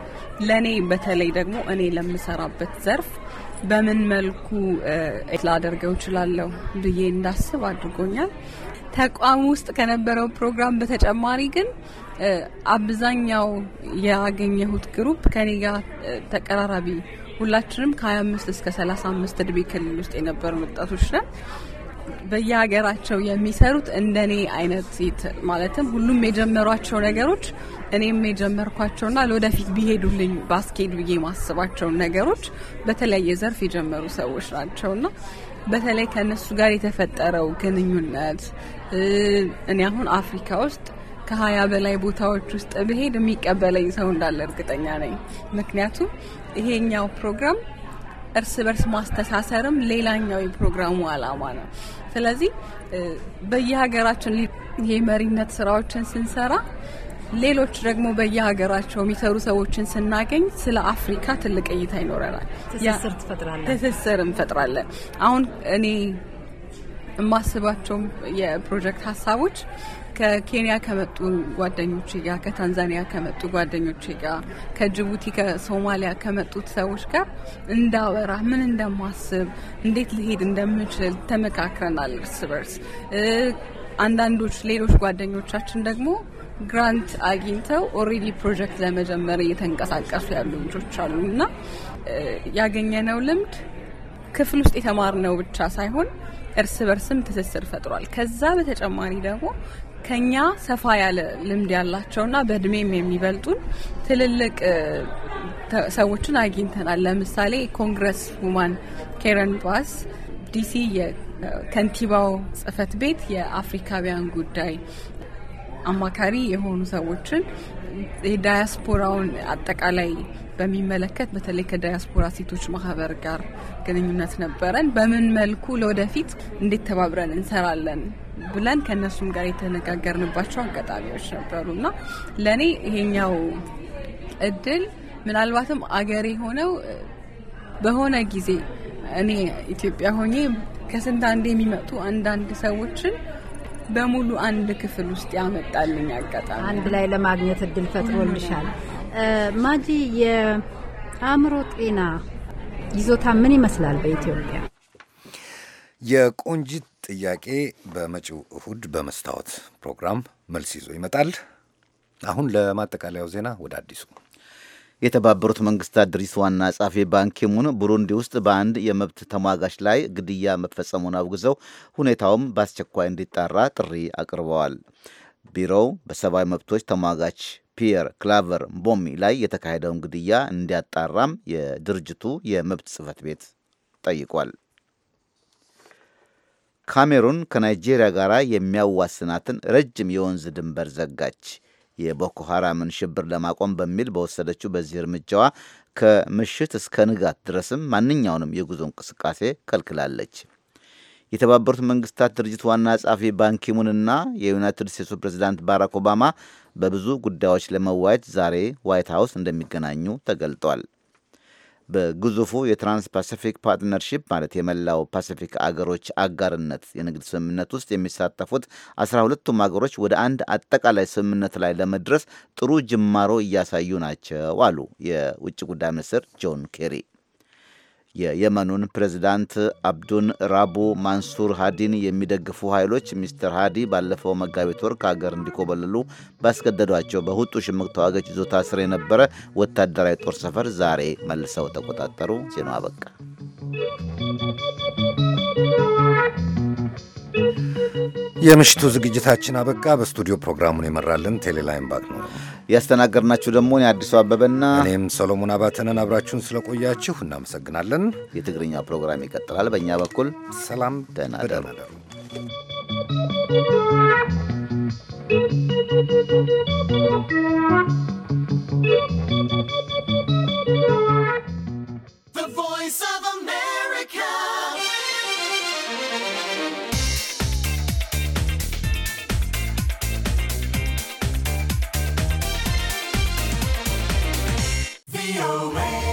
ለእኔ በተለይ ደግሞ እኔ ለምሰራበት ዘርፍ በምን መልኩ ላደርገው እችላለሁ ብዬ እንዳስብ አድርጎኛል። ተቋም ውስጥ ከነበረው ፕሮግራም በተጨማሪ ግን አብዛኛው ያገኘሁት ግሩፕ ከኔ ጋር ተቀራራቢ ሁላችንም ከ25 እስከ 35 እድሜ ክልል ውስጥ የነበርን ወጣቶች ነን። በየሀገራቸው የሚሰሩት እንደኔ አይነት ት ማለትም ሁሉም የጀመሯቸው ነገሮች እኔም የጀመርኳቸውና ለወደፊት ቢሄዱልኝ ባስኬድ ብዬ ማስባቸውን ነገሮች በተለያየ ዘርፍ የጀመሩ ሰዎች ናቸውና በተለይ ከእነሱ ጋር የተፈጠረው ግንኙነት እኔ አሁን አፍሪካ ውስጥ ከሀያ በላይ ቦታዎች ውስጥ ብሄድ የሚቀበለኝ ሰው እንዳለ እርግጠኛ ነኝ። ምክንያቱም ይሄኛው ፕሮግራም እርስ በርስ ማስተሳሰርም ሌላኛው የፕሮግራሙ አላማ ነው። ስለዚህ በየሀገራችን የመሪነት ስራዎችን ስንሰራ ሌሎች ደግሞ በየሀገራቸው የሚሰሩ ሰዎችን ስናገኝ ስለ አፍሪካ ትልቅ እይታ ይኖረናል። ትስስር ትፈጥራለን፣ ትስስር እንፈጥራለን። አሁን እኔ የማስባቸውም የፕሮጀክት ሀሳቦች ከኬንያ ከመጡ ጓደኞች ጋር፣ ከታንዛኒያ ከመጡ ጓደኞች ጋር፣ ከጅቡቲ ከሶማሊያ ከመጡት ሰዎች ጋር እንዳወራ ምን እንደማስብ እንዴት ልሄድ እንደምችል ተመካክረናል እርስ በርስ። አንዳንዶች ሌሎች ጓደኞቻችን ደግሞ ግራንት አግኝተው ኦሬዲ ፕሮጀክት ለመጀመር እየተንቀሳቀሱ ያሉ ልጆች አሉ እና ያገኘነው ልምድ ክፍል ውስጥ የተማርነው ብቻ ሳይሆን እርስ በርስም ትስስር ፈጥሯል። ከዛ በተጨማሪ ደግሞ ከኛ ሰፋ ያለ ልምድ ያላቸውና በእድሜም የሚበልጡን ትልልቅ ሰዎችን አግኝተናል። ለምሳሌ ኮንግረስ ውማን ኬረን ባስ ዲሲ የከንቲባው ጽህፈት ቤት የአፍሪካውያን ጉዳይ አማካሪ የሆኑ ሰዎችን የዳያስፖራውን አጠቃላይ በሚመለከት በተለይ ከዳያስፖራ ሴቶች ማህበር ጋር ግንኙነት ነበረን። በምን መልኩ ለወደፊት እንዴት ተባብረን እንሰራለን ብለን ከእነሱም ጋር የተነጋገርንባቸው አጋጣሚዎች ነበሩና ለእኔ ይሄኛው እድል ምናልባትም አገሬ ሆነው በሆነ ጊዜ እኔ ኢትዮጵያ ሆኜ ከስንት አንድ የሚመጡ አንዳንድ ሰዎችን በሙሉ አንድ ክፍል ውስጥ ያመጣልኝ አጋጣሚ አንድ ላይ ለማግኘት እድል ፈጥሮልሻል። ማጂ የአእምሮ ጤና ይዞታ ምን ይመስላል በኢትዮጵያ? የቆንጂት ጥያቄ በመጪው እሁድ በመስታወት ፕሮግራም መልስ ይዞ ይመጣል። አሁን ለማጠቃለያው ዜና ወደ አዲሱ የተባበሩት መንግስታት ድርጅት ዋና ጸሐፊ ባንኪሙን ቡሩንዲ ውስጥ በአንድ የመብት ተሟጋች ላይ ግድያ መፈጸሙን አውግዘው ሁኔታውም በአስቸኳይ እንዲጣራ ጥሪ አቅርበዋል። ቢሮው በሰብአዊ መብቶች ተሟጋች ፒየር ክላቨር ቦሚ ላይ የተካሄደውን ግድያ እንዲያጣራም የድርጅቱ የመብት ጽፈት ቤት ጠይቋል። ካሜሩን ከናይጄሪያ ጋር የሚያዋስናትን ረጅም የወንዝ ድንበር ዘጋች። የቦኮ ሐራምን ሽብር ለማቆም በሚል በወሰደችው በዚህ እርምጃዋ ከምሽት እስከ ንጋት ድረስም ማንኛውንም የጉዞ እንቅስቃሴ ከልክላለች። የተባበሩት መንግስታት ድርጅት ዋና ጸሐፊ ባንኪሙንና የዩናይትድ ስቴትሱ ፕሬዚዳንት ባራክ ኦባማ በብዙ ጉዳዮች ለመዋየት ዛሬ ዋይት ሀውስ እንደሚገናኙ ተገልጧል። በግዙፉ የትራንስ ፓሲፊክ ፓርትነርሺፕ ማለት የመላው ፓሲፊክ አገሮች አጋርነት የንግድ ስምምነት ውስጥ የሚሳተፉት አስራ ሁለቱም አገሮች ወደ አንድ አጠቃላይ ስምምነት ላይ ለመድረስ ጥሩ ጅማሮ እያሳዩ ናቸው አሉ የውጭ ጉዳይ ሚኒስትር ጆን ኬሪ። የየመኑን ፕሬዝዳንት አብዱን ራቡ ማንሱር ሃዲን የሚደግፉ ኃይሎች ሚስተር ሃዲ ባለፈው መጋቢት ወር ከሀገር እንዲኮበልሉ ባስገደዷቸው በሁጡ ሽምቅ ተዋጊዎች ይዞታ ስር የነበረ ወታደራዊ ጦር ሰፈር ዛሬ መልሰው ተቆጣጠሩ። ዜና አበቃ። የምሽቱ ዝግጅታችን አበቃ። በስቱዲዮ ፕሮግራሙን የመራልን ቴሌላይም ባክ ነው። ያስተናገድናችሁ ደግሞ እኔ አዲሱ አበበና እኔም ሰሎሞን አባተነን አብራችሁን ስለቆያችሁ እናመሰግናለን። የትግርኛ ፕሮግራም ይቀጥላል። በእኛ በኩል ሰላም፣ ደህና ደሩ። The voice of America Radio Man.